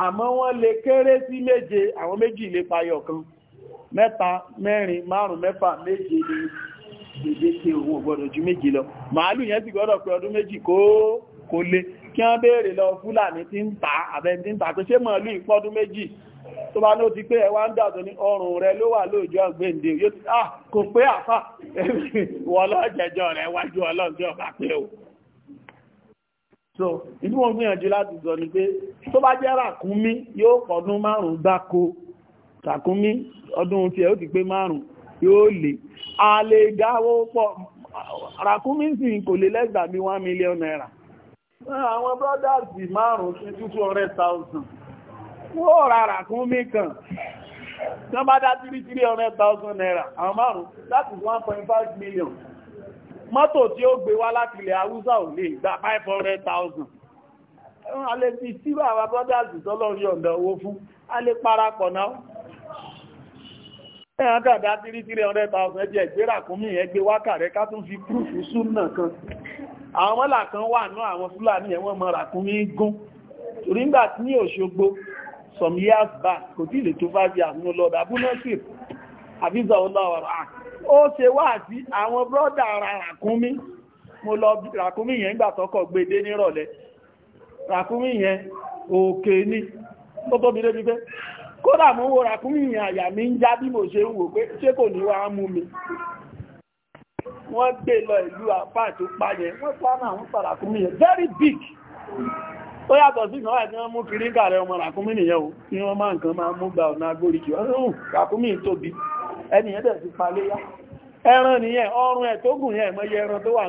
A: àmọ́ wọ́n lè kéré sí méje àwọn méjì lè payọ̀ kan mẹ́ta mẹ́rin márùn mẹ́fà méje ní gbèdéke òun ògbọ́dọ̀ ju méje lọ màálù yẹn sì gbọ́dọ̀ pé ọdún méjì kó kó lé kí wọ́n béèrè lọ fúlàní tí ń ta àbẹ́ tí ń ta pé ṣé màálù ìpọ́dún méjì tó bá ló ti pé ẹwà ń dàtọ̀ ní ọrùn rẹ ló wà lóòjọ́ àgbéǹde yóò ti ah kò pé àfà wọ́n lọ́jẹjọ́ rẹ wájú ọlọ́jọ́ bá pé o so inú wọn gbìyànjú láti sọ ni pé tó bá jẹ́ ràkúnmí yóò pọ̀dún márùn-ún gbáko takúnmí ọdún tí ẹ ó ti pé márùn yóò lè a lè dáwó pọ̀ ràkúnmí sì kò lè less than one million naira àwọn brothers márùn sí two hundred thousand wọ́n ra ràkúnmí kan tí wọ́n bá dá three hundred thousand naira àwọn márùn that is one point five million mọ́tò tí ó gbé wá láti ilẹ̀ haúsá ò lè gba five thousand a lè fi síbà àwọn brothers tọ́lọ́ yọ̀ǹda owó fún a lè parapọ̀ náà ẹ̀yàn kàdá tírí tírí ọ̀rẹ́ ta ọ̀sán ẹjẹ́ ìgbéra kún mí ẹgbẹ́ wákàrẹ́ ká tún fi púrúfù súnà kan àwọn mọ́là kan wà náà àwọn fúlàní ẹ̀wọ̀n mọ́ra kún mí gún torí ńgbà tí ní Òṣogbo some years back kò tí lè tó five years ní ọlọ́dà abúnásìr àbíza ọlọ́ọ̀rọ̀ à ó ṣe wá àti àwọn brọ́dà ara ràkúnmí mo lọ ràkúnmí yẹn nígbà tọ́kọ̀ gbede nírọ̀lẹ́ ràkúnmí yẹn òkè ní tó tóbi débi pé kódà mú wo ràkúnmí àyà mi ń já bí mo ṣe ń wò pé ṣé kò ní mú mi wọ́n gbé lọ ìlú apá tó páyẹ wọ́n pàánà àwọn ràkúnmí yẹn very big ó yàtọ̀ sí ìkan láti wọ́n mú kiri kààrẹ ọmọ gba ọ̀nà tóbi ẹni ẹran nìyẹn ọrùn ẹ̀ tó gùn yẹn ẹran tó wà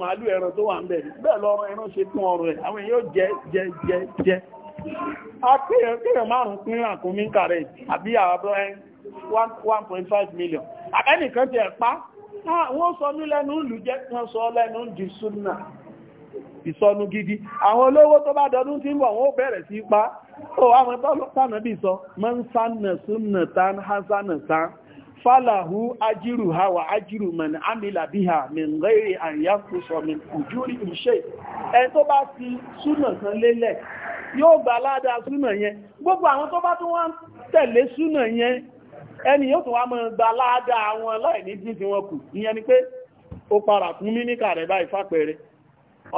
A: màálù ẹran tó wà ni bẹ́ẹ̀ lọ́rùn ẹran ṣe tún ọrùn akéèyàn márùn-ún pín àkúnmí kàrẹ̀ àbí àwọ̀bọ̀ ẹ̀ 1.5 million àbẹ́nìkan ti ẹ̀pá wọ́n sọ ní lẹ́nu ìlú jẹ́ wọ́n sọ lẹ́nu di súnà ìsọnù gidi àwọn olówó tó bá dọdún tí ń wọ́n bẹ̀rẹ̀ sí pa ó àwọn tọ́lọ́pàá náà bí falahu ajiru hawa wa ajiru man amila biha min ghairi an yankuso min ujuri iṣẹ́ ẹni tó bá fi súnà kan lélẹ̀ yóò gba ládàá suna yẹn gbogbo àwọn tó bá tún wá ń tẹ̀lé súnà yẹn ẹni yóò tún wá mọ́ gbà ládàá wọn láìní dín tí wọn ku ìyẹn ni pé ó para fún míníkà rẹ̀ báyìí fàpẹẹrẹ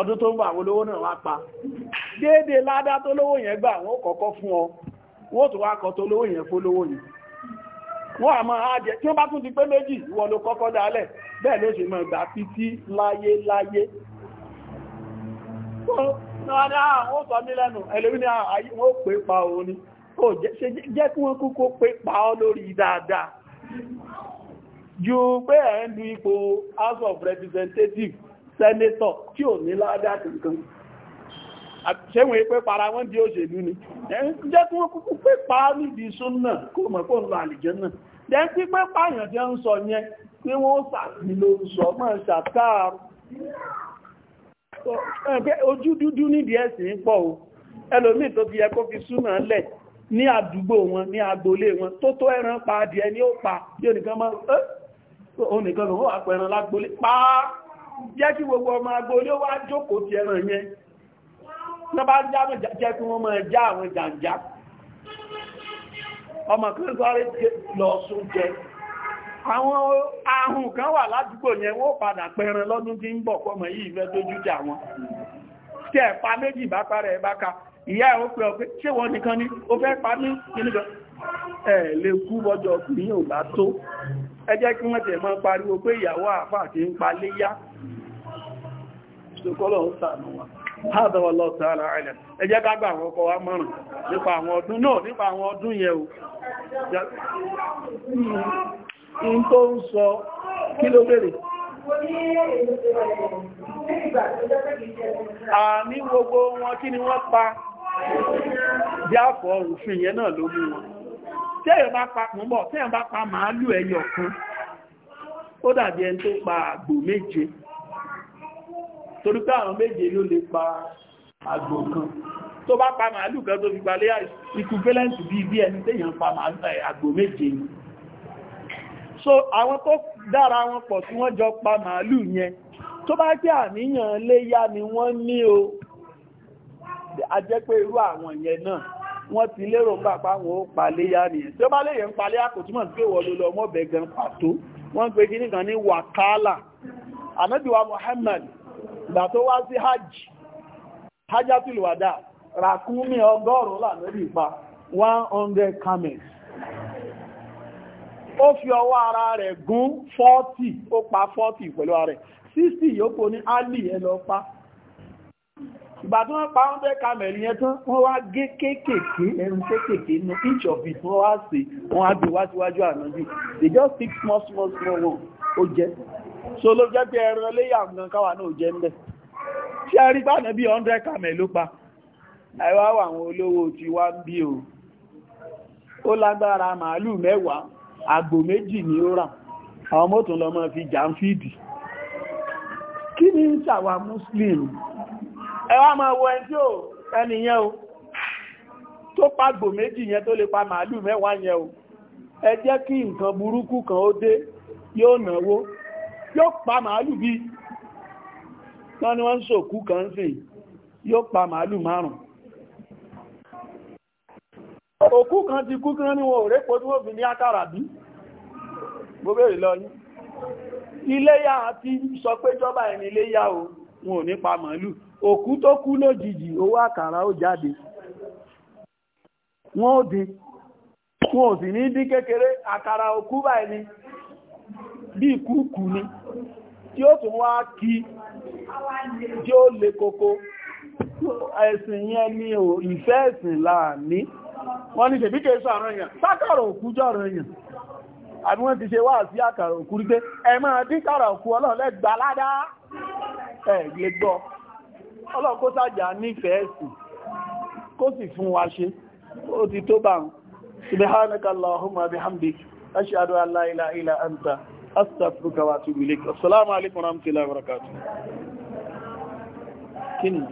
A: ọdún tó ń bọ̀ àwọn olówó náà wá pa déédéé ládàá tó lówó yẹn gbà wọn ó kọ́kọ́ fún ọ wọn ó tún wá kọ́ tó lówó yẹn fólówó wọ́n àmọ́ àjẹ́ tí ó bá tún di pé méjì wọ́n ló kọ́kọ́ dálẹ̀ bẹ́ẹ̀ ló ṣe mọ̀ ìgbà títí láyé láyé wọ́n ah, sọ mí lẹ́nu ẹlòmí ni ah, wọ́n pè pa o ní ó jẹ́ kí wọ́n kúkó pè pa ọ lórí dáadáa ju pé ẹ̀ ń du ipò House of Representatives Senator ṣéwọ̀n pé para wọ́n di òṣèlú ni jẹ́ kí wọ́n kúkú pé pa níbi súnnà kó mọ̀ kó ń lọ àlìjẹ́ náà jẹ́ kí pé pààyàn jẹ́ ń sọ yẹn pé wọ́n sàtì ló sọ mọ́ ṣàtàrù ojú dúdú nídìí ẹ̀sìn pọ̀ o ẹlòmíì tó fi yẹ kó fi súnnà lẹ̀ ní àdúgbò wọn ní agbolé wọn tó tó ẹran pa adìẹ ní ó pa tí onìkan mọ́ onìkan lòun àpẹran lágbolé pa jẹ́ kí gbogbo ọmọ agbolé ó wá jókòó ti ẹran yẹn tí wọ́n bá kí máa já àwọn jàǹjá ọmọ kan lọ àwọn ahùn kan wà ládùúgbò yẹn wọ́n padà pẹran lọ́dún tí ń bọ̀ pọ́mọ yìí fẹ́ dójú jà àwọn tí ẹ̀ pa méjì bá parẹ́ ẹ̀ bá ka ìyá ẹ̀ ó pẹ́ ọ̀pẹ́ ṣé wọ́n nìkan ni ó fẹ́ pa mí nínúkan ẹ̀ lè kú هذا والله تعالى أعلم ẹ jẹ́ ká gba àwọn ọkọ wa mọ̀ràn nípa àwọn ọdún náà nípa àwọn ọdún yẹn o in hmm, tó ń sọ kí ló bèèrè àní gbogbo wọn kí ni wọ́n pa bí àfọ̀ òfin yẹn náà ló mú wọn tẹ́yàn bá pa mọ́ tẹ́yàn bá pa màálù ẹyọ kan ó dàbí ẹni tó pa àgbò méje torí pé àwọn méje ló lè pa àgbò kan tó bá pa màálù kan tó fi palẹ́ ikú fẹ́lẹ́ǹtì bí bí ẹni tẹ́yàn pa àgbò méje ni so àwọn tó dára wọn pọ̀ tí wọ́n jọ pa màálù yẹn tó bá jẹ́ àníyàn léyá ni wọ́n ní o a jẹ́ pé irú àwọn yẹn náà wọ́n ti lérò gbà páwọn ó paléyá nìyẹn tí ó bá léyẹ̀ ń paléyá kò túmọ̀ sí pé wọ́n lọ mọ́bẹ̀ gan pàtó wọ́n pe kí nìkan ní wàkálà ànábì Muhammad ìgbà tó wá sí hajj hajjatul wada ràkúnmí ọgọ́rùn-ún lànàbí pa 100 camels ó fi ọwọ́ ara rẹ̀ gún 40 ó pa 40 pẹ̀lú ara rẹ̀ 60 yóò kó ní ali ẹ lọ pa ìgbà tí wọ́n pa 100 camels yẹn tán wọ́n wá gé kéékèèké ẹrù kéékèèké ní each of it wọ́n wá sí wọ́n á gbé wá ànájú they just pick small small small one ó jẹ́ so ló jẹ́ pé ẹran léyà gan káwà náà jẹ́ ń bẹ̀ tí a rí pàánà bí 100 kàmẹ̀ ló pa àìwá wà àwọn olówó tí wá ń bí o ó lágbára màálù mẹ́wàá àgbò méjì ní ó rà àwọn mọ́tò lọ mọ́ fi jà ń fìdì kí ni ń ṣàwà muslim ẹwà máa wọ ẹni tí ó ẹniyàn o tó pàgbò méjì yẹn tó lè pa màálù mẹ́wàá yẹn o ẹ jẹ́ kí nǹkan burúkú kan ó dé yóò náwó yóò pa màálù bí tán ni wọ́n ń kan sí yóò pa màálù márùn òkú kan ti kú kan ní wọn ò répo tí wọ́n fi ní àkàrà bí gbogbo ìlọ yìí iléyà àti sọ pé jọba ẹni iléyà o wọn ò ní pa màálù òkú tó kú lójijì owó àkàrà ó jáde wọ́n ó dín wọn ò sì ní dín kékeré àkàrà òkú báyìí bí ikuku ni tí ó tún wá kí tí ó le koko ẹ̀sìn yẹn ni ò ìfẹ́ ẹ̀sìn láàní wọ́n ní ṣèbí sọ àrùn èèyàn sákàrà òkú jọ̀rọ̀ èèyàn àbí wọ́n ti ṣe wá sí àkàrà òkú rí pé ẹ máa dín kàrà òkú ọlọ́run ẹ̀ lè gbọ́ ọlọ́run nífẹ̀ẹ́ astaghfiruka wa atubu ilaik assalamu alaikum wa rahmatullahi wa barakatuh kini